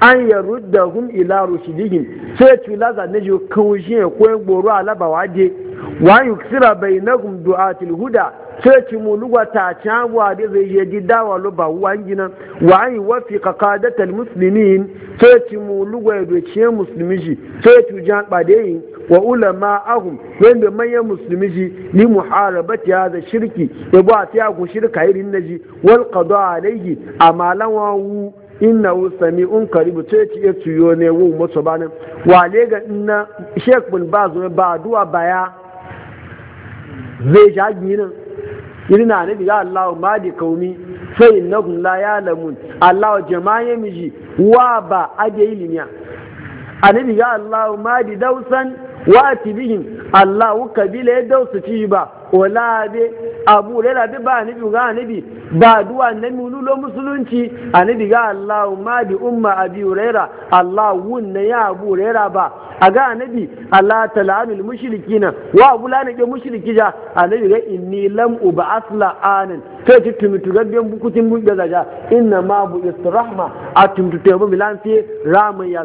an ya da hun ila rushidihim sai ci laza ne ji kan wushi ya koyan goro alabawa de wa yi sira bai na huda sai mu lugwa ta can da zai yi ji dawa lu ba wangi nan wa ai wafi qadatal muslimin sai mu lugwa ya doce musulmi ji sai tu jan bade wa ulama ahum yanda manyan musulmi ji li muharabati hadha shirki ya ba ta ku shirka irin naji wal qada a amalan wa wu inna wu sami un karibu ce ci ya tuyo ne wu masu bana wale ga inna shek bin baz ba duwa baya zai jagi nan irina ne ya Allah ma di kaumi sai innahum la ya'lamun Allah jama'a miji wa ba age ilimiya anabi ga Allah ma di dausan wa atibihim Allah kabila ya dausa ci ba olaabe abu rera bi ba anibi ga anibi ba duwa na mululo musulunci anibi ga allah ma bi umma abi urera allah wun ne ya abu urera ba a ga anibi allah talamil mushrikina wa abu la ne ke mushriki ja anibi ga inni lam uba asla anan to ti tumutu ga bukutin bu ga ja inna ma bu istirahma a tumutu te bu milan fi ramin ya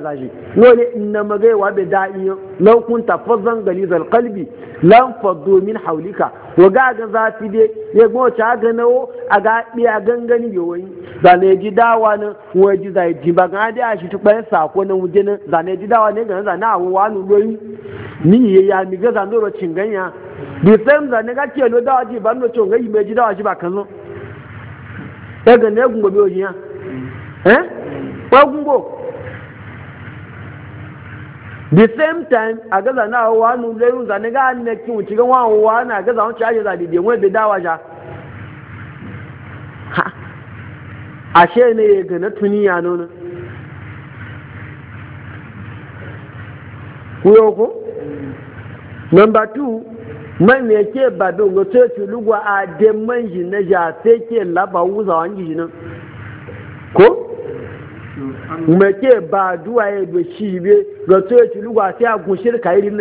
ne inna magai wa be da'i law kunta fazzan galizal qalbi lan faddo min haulika wa ga ga zafi dai ya gmo ta ga nawo a ga biya gangani bi wani da ji dawa nan wa ji zai ji ba ga da shi ta sako nan wuje nan da ji dawa ne ga nan na wa lu loyi ni ya ya mi ga zan doro cinganya bi sam da ne ga ke lo dawa ji ban no to ga yi me ji dawa ji ba kan zo e ga ne gungo ya. eh wa gungo the same time a gaza na wa nu le yu za ne ga ne ki wuci ga wa wa na gaza wuci aje za dide wai be dawa ja ha ashe ne ya ga na tuniya nono kuyo ko number 2 man ne ke ba don go to ci lugwa a de manji na ja sai ke laba wuza wangi ji nan meke ba duwa ya da shi be ya tulu ga sai agun shirka irin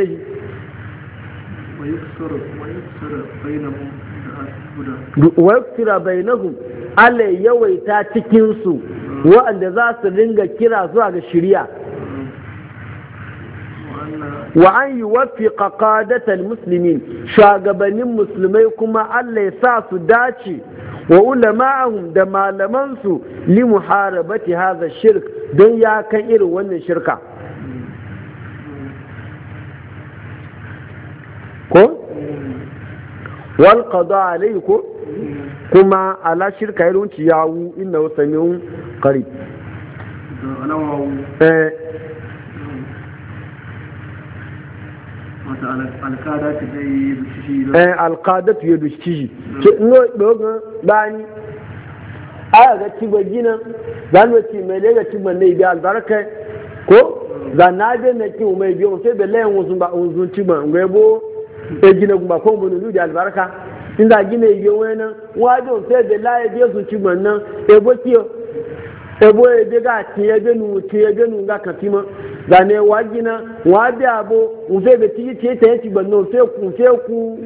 wa kira bainahum Allah yawaita cikin su wa'anda za su ringa kira zuwa ga shirya wa an yi wafiƙa musulmi shugabannin musulmai kuma Allah ya sa su dace wa ulama'ahum da malamansu li muharabati hadha shirk don ya kan irin wannan shirka ko wal qada ko kuma ala shirka irin ciyawu inna samiun qarib eh alqadatu ya dushiji ce no dogon bani aya ga ci za zan ci mai daga ci ban dai da albarka ko za na da na ki mai biyo sai bele layan wasu ba wasu ci ban bo e gina kuma ko mun lu da albarka in za gina biyo wa wajen sai da layan biyo su ci ban nan e ti e boye de ga ti e nu ti e nu ga ma gane wa gina abu, bi abo nfe be ti ti te ti gbon nfe ku nfe ku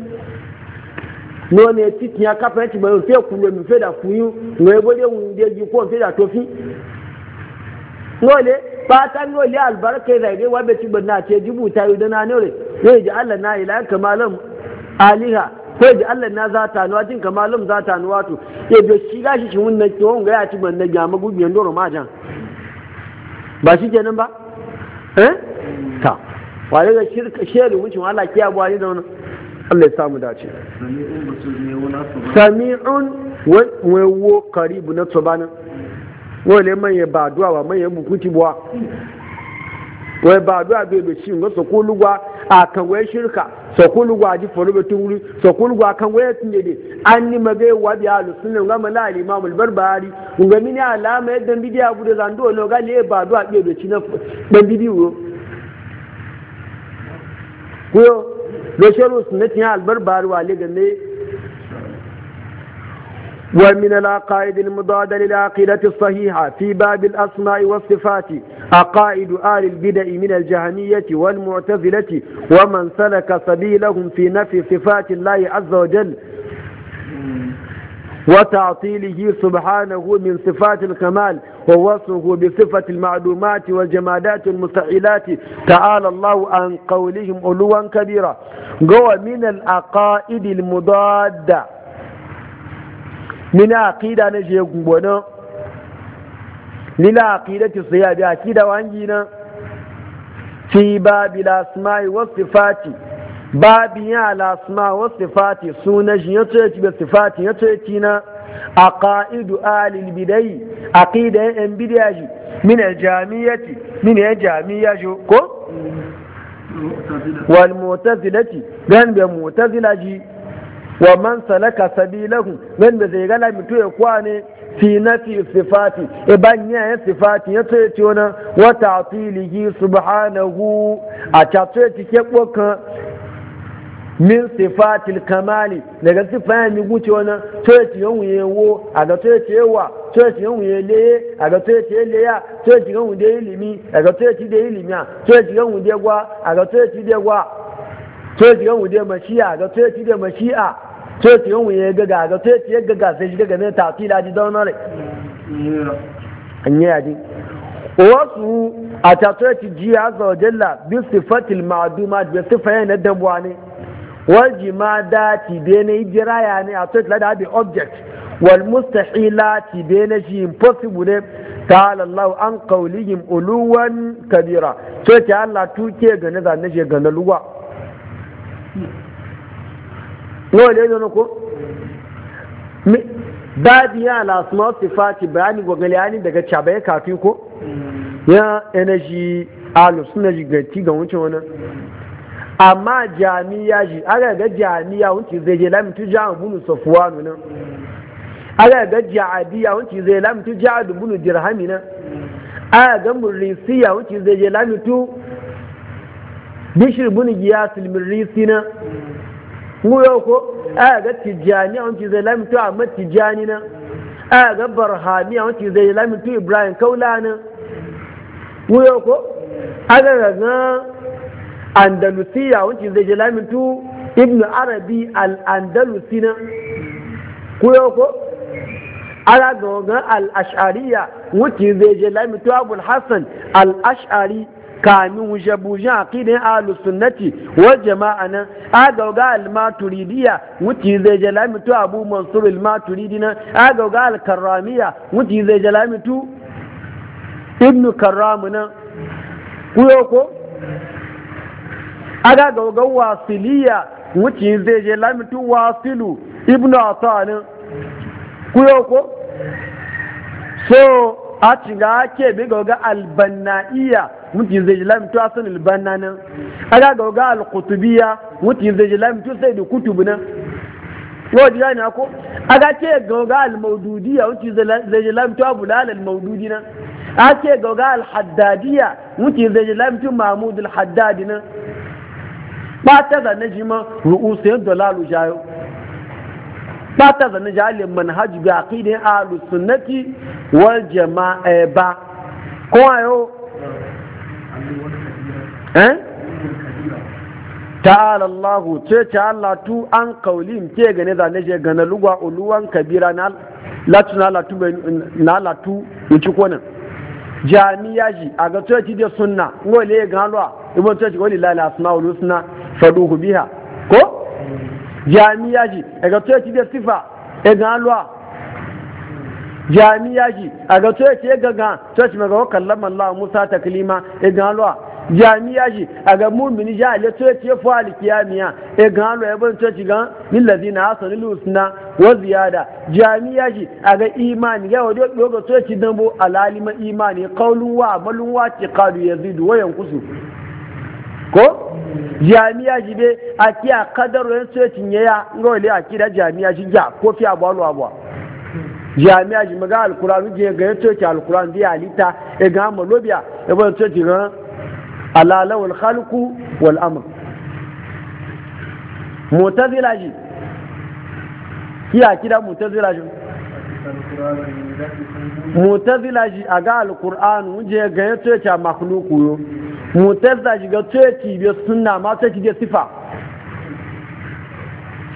no ne ti tiya aka pe ti gbon nfe ku le nfe da fun yin no e bode un de ji ko nfe da to fi no le fatan no le albarka da ge wa be ti gbon na ce jibu ta yi dana nore ne ji Allah na ila kamalam aliha ko ji Allah na za ta nuwa jin kamalam za ta nuwa to ya bi shi gashi shi wannan kiwon ga ya ci gbanu na gyama magubiyan doro majan ba shi kenan ba Eh? ta wale da shirka shi da wucin Allah kiya bu ali da wani Allah ya samu dace sami'un wewo karibu na tsobana wale manye ba duwa wa manye bukuti buwa wai ba duwa bai da shi ngasa ko lugwa a kan wai shirka gwa ji faru tun wuri sokul gwa kan wai tun de an ni magai wa ga mala al imam al barbari ga mini alama yadda bidiya bude zando ga le ba do a bidiyo kuyo da sharu al barbari wa le ga ne ومن العقائد المضادة للعقيدة الصحيحة في باب الأسماء والصفات عقائد آل البدع من الجهنية والمعتزلة ومن سلك سبيلهم في نفي صفات الله عز وجل وتعطيله سبحانه من صفات الكمال ووصفه بصفة المعلومات والجمادات المستحيلات تعالى الله عن قولهم علوا كبيرا قوى من العقائد المضادة mina aqida ne je gumbona lila aqidati siyabi aqida wangi na fi la asma'i wa sifati babi ya la asma'i wa sifati suna shi ya ce ci sifati ya ce ci na aqaidu alil bidai aqida en bidaji min al jamiyati min ya jamiya ko wal mu'tazilati dan be mu'tazilaji wa man salaka sabilahu wanda zai gala mutu ya kwane fi nafi sifati e ban ya sifati ya ce ce wani wa ta'tilihi subhanahu a ta ce ce ke kokan min sifatil kamali daga sifayen mi guce wani coci yan ya wo a ga coci yawa coci yan ya leye a ga coci yan leya coci yan wuye ilimi a ga coci da ilimi a coci yan wuye gwa a ga coci da gwa to yake yan wuje mashi'a ga to yake ga mashi'a to yake yan wuje gaga ga ga to yake ga ga sai ga ne tafila ji don nare anya yaji wasu a tato yake ji ya zo jalla bi sifatil ma'duma bi sifayen da dabuwa ne waji ma da ti be ne jiraya ne a to da bi object wal mustahila ti be ne shi impossible ne ta'ala Allah an qawlihim uluwan kabira to ke Allah tuke ga ne zanne ga na luwa yau ne yau ko babi ya lasuma sifati bayani gwagaliyani daga cabaye kafin ko ya energy alu suna jigarci ga wuce wani amma jami'a shi aga ga jami'a wuce zai je lamitu jihar bunu safuwa nuna aga ga ja'adiyya wuce zai lamitu jihar bunu dirhami na aga ga murisiya wuce zai je lamitu bishir bin giyas al-mirrisi na ngoyo ko a ga tijani on ci zai lamito amma tijani na a ga barhami on ci zai lamito ibrahim kaula na ngoyo ko a ga ga andalusiya on ci zai lamito ibn arabi al andalusina na ngoyo ko ala ga ga al-ash'ariya wuce zai je lamito abul hasan al-ash'ari kamin wuce bujin aqidin ahlu sunnati wal jama'a nan a gauga al maturidiya wuti zai jala tu abu mansur al maturidi nan a gauga al karramiya wuti zai jala tu ibnu karram nan kuyo ko aga gauga wasiliya wuti zai jala tu wasilu ibnu atanin kuyo ko so a ciga ake bi gauga albannaiya mutum zai ji lamitu a sun ilbanna nan aga ga ga alkutubiya mutum zai ji lamitu sai da kutubu nan yau ji gani ako aga ce ga ga almaududiya mutum zai ji lamitu a bulal almaududi nan aga ce ga ga alhaddadiya mutum zai ji lamitu mahmud alhaddadi nan ba ta zane shi ma ru'usu yadda jayo ba ta zane jalin manhaji ga aqidin ahlus sunnati wal jama'a ba ko ayo eh ta'ala Allah ce ta Allah tu an kaulim ke gane za ne je gane lugwa uluwan kabira na latu na latu na latu ci kwanan jami'a ji a ga coci da sunna ngole ga halwa ibo coci wali la asmaul husna faduhu biha ko jami'a ji a ga coci da sifa e ga halwa jami'a ji a ga coci ce gaga coci mai gawa kallon Allah Musa ta kalima ya ganuwa jami'a ji a ga ya ja ale ce ya fi miya ya ganuwa ya bin coci gan lillazi na hasan lusna wa ziyada jami'a ji a ga imani ya wajen ɗoga coci don bo alalima imani kaulun wa malun wa ce kadu ya zidu wayan kusu ko jami'a ji be a kiya kadaro yan coci ya ya ngole a kida jami'a ji ja ko fi abuwa abuwa jami'a ji maga alkuranu je ga yato ki alkuranu bi alita e ga mu lobiya e ba to ti ran alala wal khalqu wal amr mu'tazila ji kiya kida mu'tazila ji mu'tazila ji aga alkuranu je ga ya toke makhluku yo mu'tazila ji ga toke ki bi sunna ma toke ki sifa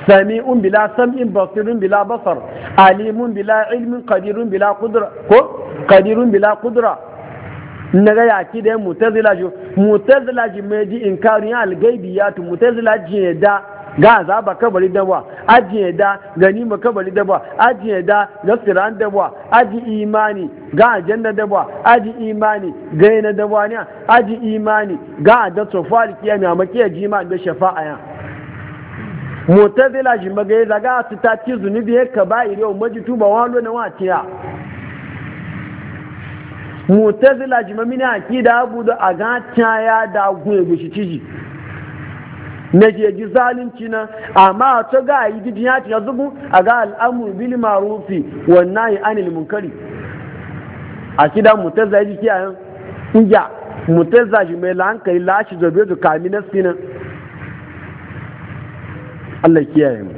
sami'un bila sam'in basirun bila basar alimun bila ilmin qadirun bila kudura ko qadirun bila kudura. naga ya ki da mutazila ju mutazila ji mai ji ya algaibiyatu mutazila ji da ga azaba kabari da ba ya da ganima kabari da ba ya da ga siran da ba aji imani ga aljanna da ba aji imani ga yana da ba ne aji imani ga da tsofal kiyama makiya jima da shafa'a mutazila shi magaye zaga su ta ci zunubi ya ka iri yau majitu ba walo na waciya mutazila shi mini aki da abu da a ga ya da gun ya gushi ciji na ji zalunci na amma a to ga yi gidi ya ci zugu a ga al'amur bil marufi wannan ya anil munkari a kida mutazila ji kiyayen ƙungiya mutazila shi mai la'ankari lashi zobe zu kaminar sinan Allah kiyaye mu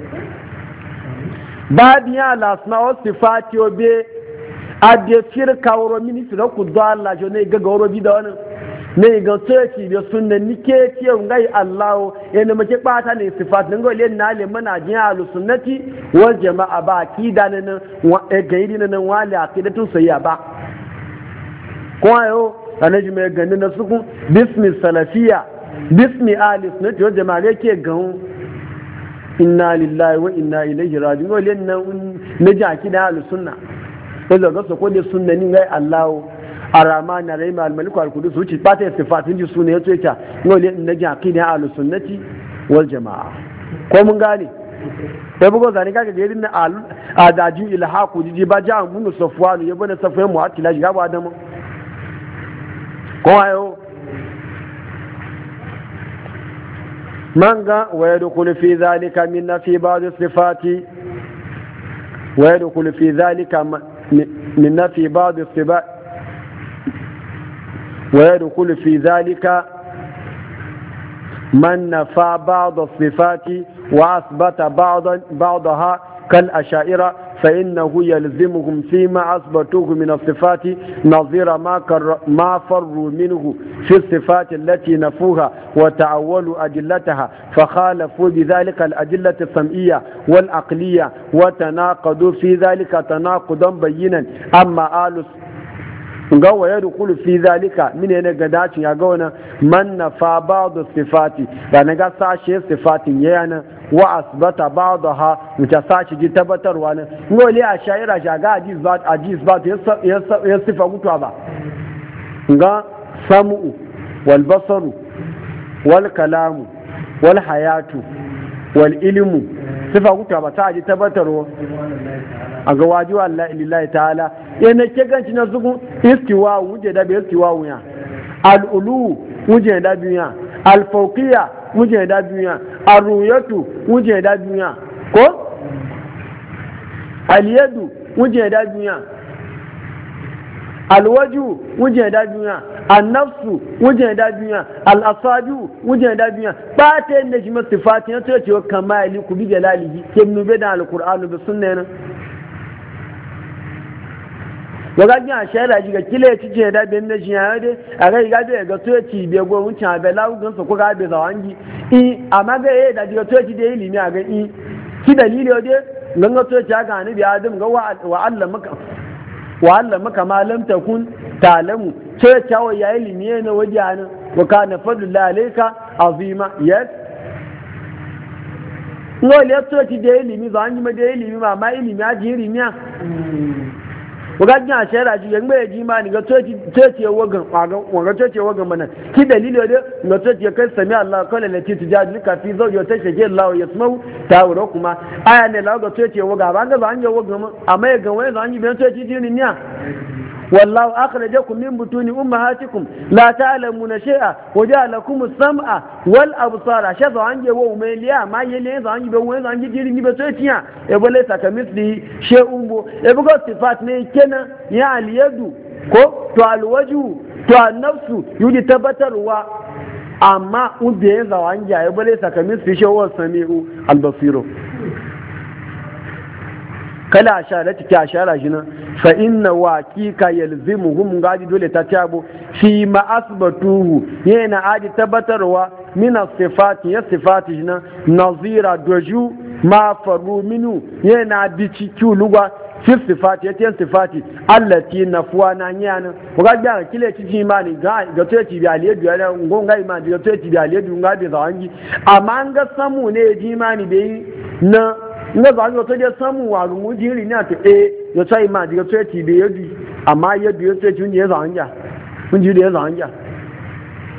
babi ya lasna o sifati o be ade firka woro minisi na ku do Allah jo ne ga goro bi da wani ne ga tsoci e da sunna nike ce ngai Allah yana e mace bata ne sifat nan le na le mana jiya lu sunnati wal jamaa ba ki akida nan wa e gairi nan wali akidatu sayya ba ko ayo anaji mai ganin na suku bismi salafiya bismi ahli sunnati wal jamaa yake gan inna lillahi wa inna ilaihi raji wa nan na jaki da ahlus sunna wanda ga su da sunna ni ngai Allahu arrahman arrahim al-malik al-qudus wuce fata sifatin ji sunna yato yake wale na jaki da ahlus sunnati wal jamaa ko mun gane Ya bugo zani kaga da yadin adaju ilhaqu jiji ba ja mun safwanu yabo na safwan mu'attila ga ba adamu ko ayo manga wa yadkhulu fi dhalika min nafi ba'd sifati wa fi dhalika min nafi ba'd sifati wa fi dhalika man nafa ba'd sifati wa asbata ba'd ba'daha kal ashaira فإنه يلزمهم فيما أثبتوه من الصفات نظير ما, ما فروا منه في الصفات التي نفوها وتعولوا أدلتها فخالفوا بذلك الأدلة السمعية والأقلية وتناقضوا في ذلك تناقضا بينا أما آل gawa ya dukulu fi zalika mine ne ga dacin ya ga wani man na fa ba da sifati ga na ga sashe sifatin yana wa asbata ba'daha wuta sace ji tabbatarwa ne ngoli a sha'ira shaga ajiz ba ajiz ba ya sifa mutuwa ba nga sam'u wal basaru wal kalamu wal hayatu wal ilmu sifa mutuwa ba ta ji tabbatarwa a ga waji wa lillahi ta'ala yana ke ganci na zugun istiwa wuje da bai istiwa wuya al'ulu wuje da biya alfaukiya wuje da duniya ruyatu wuje da duniya ko aliyadu wuje da duniya alwaju wuje da duniya annafsu wuje da duniya al'asaju wuje da duniya ba ta da shi masu fatin ya ce wa kamali ku bi jalalihi ke nube da alkur'anu da sunna waga jin a shaida jiga kila ya cice da bin na jiya yade a ga iga da ga to ci be go mun cha be lawu gan so ko i amma ga e da jiga ci da ilimi a ga i ki dalili ode nan ga to ci ga ni bi ga wa Allah maka wa Allah maka malam takun ya ilimi e ne waje anan wa kana fadlullahi alayka azima yes ngole to ci da ilimi zangi ma da ilimi ma ma ilimi a ji ilimi wakajin a shayar aji yan mai jima ni ga coci waga coci waga mana ki dalili dai ga coci ya kai sami Allah kawai na ci tijaj ni kafi zo ya ta shage Allah ya smau ta wuro kuma aya ne lawa ga coci waga ba ga zan yi waga amma ya ga wani zan yi bayan coci jini niya wallahu akhrajakum min butuni ummahatikum la ta'lamuna shay'a wa ja'alakum as-sam'a wal absara shaza anje wo umeliya ma yele za anje be wo anje jiri ni be sotiya e bole sakamisli shay'un bo e bugo sifat ne kenan ya aliyadu ko to alwaju to annafsu yuji tabbatarwa amma ubiyen zawangiya ya bale sakamin su shi wa sami'u albasiru kala ashara take ashara shi nan fa inna waqiqa yalzimuhum gadi dole ta tabo fi ma asbatuhu yana aji tabatarwa min sifati ya sifati shi nan nazira doju ma faru minu yana bici kyulugwa fi sifati ya sifati allati nafwa na nyana ko ga ga kile ci imani ga ga to ci biya ledu ala ngo ga imani ga to ci biya ledu ga bi zawangi amanga an ga samu ne jimani bai na nga za ni to je samu wa ru ji ni ati e yo ma ji to ti be yodi amma ye bi yo te ju ni za anja kun ji de za anja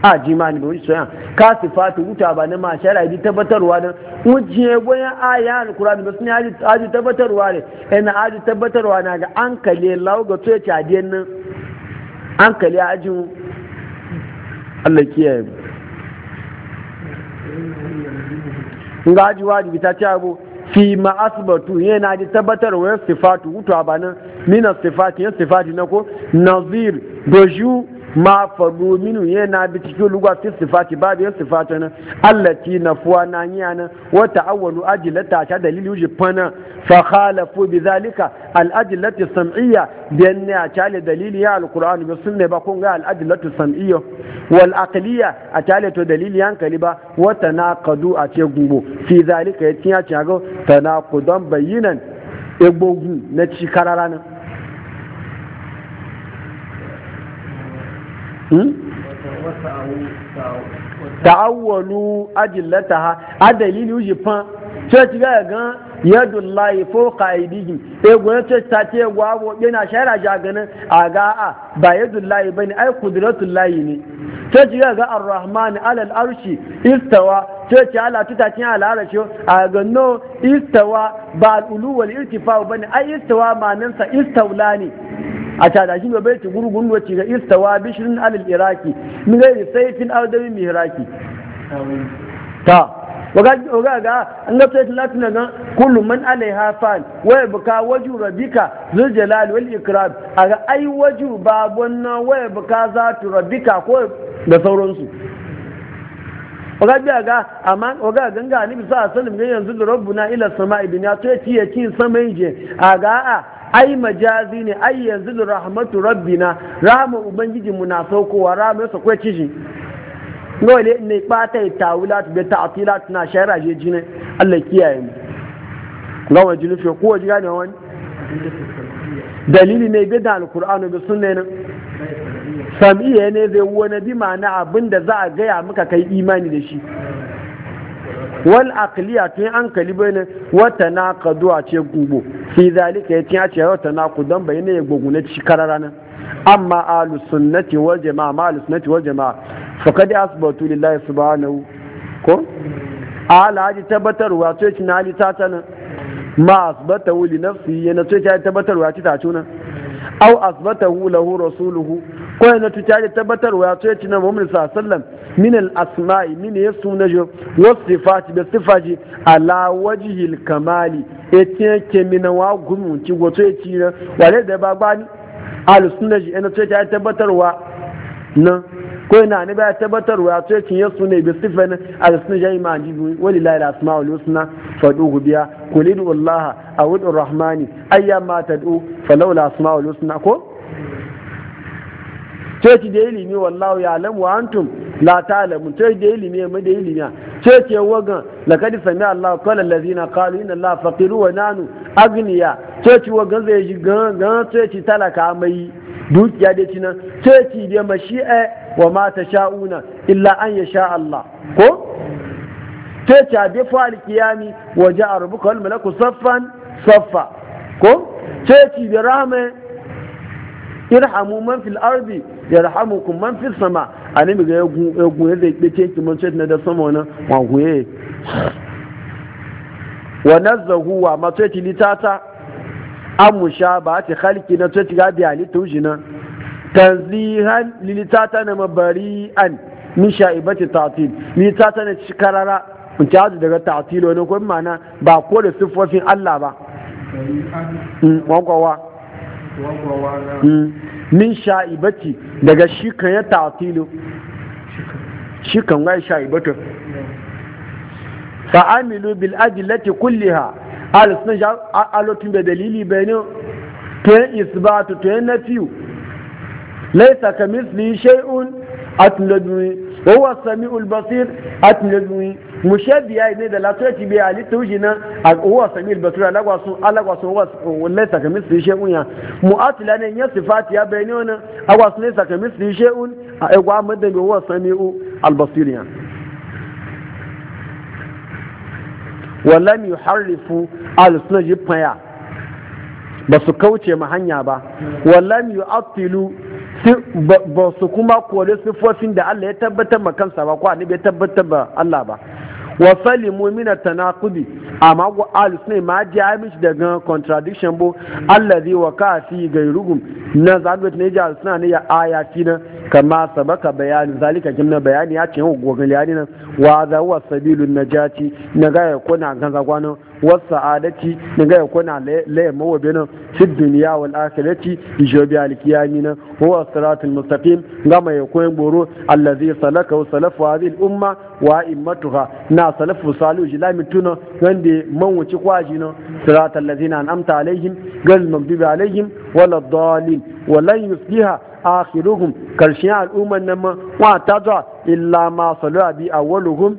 a ji ma ni bo so yan ka sifatu uta ba na ma shara ji a da e a goyen aya alquran ba sun aji aji tabbatarwa ne ina aji tabbatarwa na an kale lawo ga to ti adiyen nan an kale ajin Allah kiyaye mu nga aji wajibi ta ci fi ma asbatu yana ji tabbatarwa wa sifatu hutu abanin mina sifati ya sifati na ko nazir doju ma faru minu yana bi cikin lugwa fi sifati ba biyan sifata na. allati na fuwa na niya na. wata awwalu ajilata ta dalili wuji fana fa khalafu bi zalika al ajilati sam'iyya biyan ne a tale dalili ya qur'an bi sunne ba kun ga al ajilati sam'iyya wal aqliya a to dalili hankali ba wata naqadu a ce gumbo fi zalika ya tiya ci ga tanaqudan bayinan egbogun na ci karara Hmm? ta'awwalu ajillataha a dalilin jifan sai ci gaya gan yadda layi ko e egon ce ta ce wawo yana shara ja ganin a ba yadda layi ne ai kudiratun layi ne sai ga ga arrahman alal arshi istawa sai ala tuta cin ala arshi a gano istawa ba ulu wal irtifa bane ai istawa manansa istawlani a tadashi mai bai guru da ci ga istawa bishirin alil iraki min gairi saifin ardawi mai iraki ta waga ga an ga sai latin nan kullu man alaiha fan wa yabka waju rabbika zul jalal wal ikram aga ai waju babon nan wa yabka zatu rabbika ko da sauransu waga biya ga amma waga ganga ni bisa salim ne yanzu da rabbuna ila sama'i bin ya to ya ci ya ci sama je aga a ai majazi ne ai yanzu da rahmatu rabbina rahama ubangiji mu na saukowa yasa sa kwai ciji dole ne bata ya tawila ta ta'tila na shara je jine Allah kiyaye mu ga waje nufi ko waje gane wani dalili ne bi da alqur'ani bi sunna ne Sam'iyya ne zai wani bi ma'ana abinda za a gaya maka kai imani da shi wal aqliya tun an kalibai ne wata na kaduwa ce gugu fi zalika yace a ce wata na ku dan bayyana ya gugu na ci karara nan amma ahlus sunnati wal jamaa ma ahlus sunnati wal jamaa faqad asbatu lillahi subhanahu ko ala ji tabbatarwa to yace na ali ta nan ma asbatahu li nafsi yana to yace tabbatarwa ci ta tuna aw asbatahu lahu rasuluhu kawai na tuta da tabbatarwa ya tsoye na muhammadu sallallahu alaihi min al-asma'i min ya suna jo wasu sifati da sifaji ala wajihil kamali etin ke mina wa gumin ci ya ci na wale da ba ba ni sunna ji ina tsoye ta tabbatarwa na kawai na ni ba tabbatarwa ya tsoye cin ya suna bi sifan al-sunna ji ma ji bi wali asma'ul husna fadu biya awudur rahmani ayyama tad'u falawla asma'ul husna ko sai ki da ilimi wallahu ya alamu antum la ta'lamu sai da ilimi mu da ilimi sai wagan laqad sami Allah qala allazina qalu inna Allah faqiru wa nanu agniya sai ci wagan zai ji gan gan sai talaka mai dukiya da cinan sai ci da mashi'a wa ma tasha'una illa an yasha Allah ko sai ci abi fa alkiyami wa ja'a rabbuka wal malaku saffan saffa ko sai da rahma irhamu man fil ardi yarhamukum man fi sama mi ga yagun ya zai bace ki man na da sama wannan wa huye wa nazahu wa ma sai ti litata amusha ba ta khalqi na sai ga bi ali tujina tanzihan litata na an min sha'ibati ta'til litata na cikarara mun ta daga ta'til wani ko maana ba ko da siffofin Allah ba mm, wa mm. min sha'ibati daga shikan ya ta'tilu shikan wai ga sha'ibatu fa amilu bil adillati kulliha al sunja alotun da dalili bayanin yin isbatu to ta nafiyu laysa kamithli shay'un atladu wawa sami ulbasir a tunajuni mushabbiya ne da latoci biya halitta wuce nan a wawa sami ulbasir alagwasun wallai sakamis su yi she'un ya mu'atila ne ya sifati ya bayani wani agwasun ne sakamis su yi she'un a aigwa madan wawa sami albasir ya wallan yi harrifu alisunan jifan ya ba su kauce ma hanya ba wallan yi atilu ba su kuma kore siffofin da Allah ya tabbatar ma kansa ba ko annabi ya tabbatar ba Allah ba wa salimu min at-tanaqudi amma wa al-sunna ma ji mishi daga contradiction bo allazi wa ka fi gairugum na zabit ne ja sunna ne ya ayati na kama sabaka bayani zalika kimna bayani ya ce gogon yani na wa za wa sabilun najati na ga ko kona ganza gwanon Wasu sa'adaci din gan ya kwana a duniya wal walakira da ci, huwa shi ne biya al'kiyayi na. Kuma a siratin Mustapha in gama ya koyan goro a umma, wa'im matuka. Ina salak mu Salisu Aliyu shi da man wuce, kuma a shi na. Siratin laziyo na alaihim, gan-zuma biyu alaihim, wala dalilin, walan yi fiya a asirihun ƙarshen al'ummar nan mu wata illa ma salo a biye a waluhu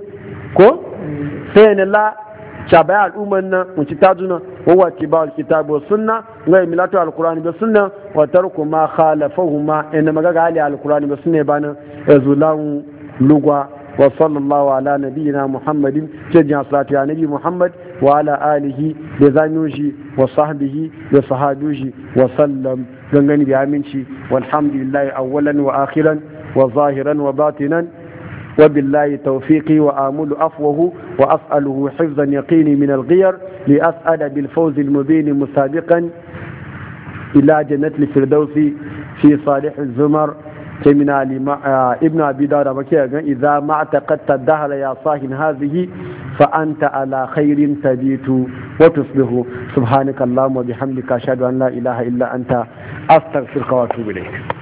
ko la. cabai al'umman nan kunci tajuna wawa ce ba alkitabu wa sunna ga emilatu alkurani ba sunna wa tarku ma khalafahu ma magaga hali alkurani ba sunna ba nan ezulan lugwa wa sallallahu ala nabiyina muhammadin ce jin salatu muhammad wa ala alihi da zanyoshi wa sahbihi da sahadoshi wa sallam gangani aminci walhamdulillahi awwalan wa akhiran wa zahiran wa batinan وبالله توفيقي وآمل أفوه وأسأله حفظا يقيني من الغير لأسأل بالفوز المبين مسابقا إلى جنة الفردوس في صالح الزمر كمن ابن أبي دار إذا ما اعتقدت الدهر يا صاحن هذه فأنت على خير تبيت وتصبح سبحانك اللهم وبحمدك أشهد أن لا إله إلا أنت أستغفرك وأتوب إليك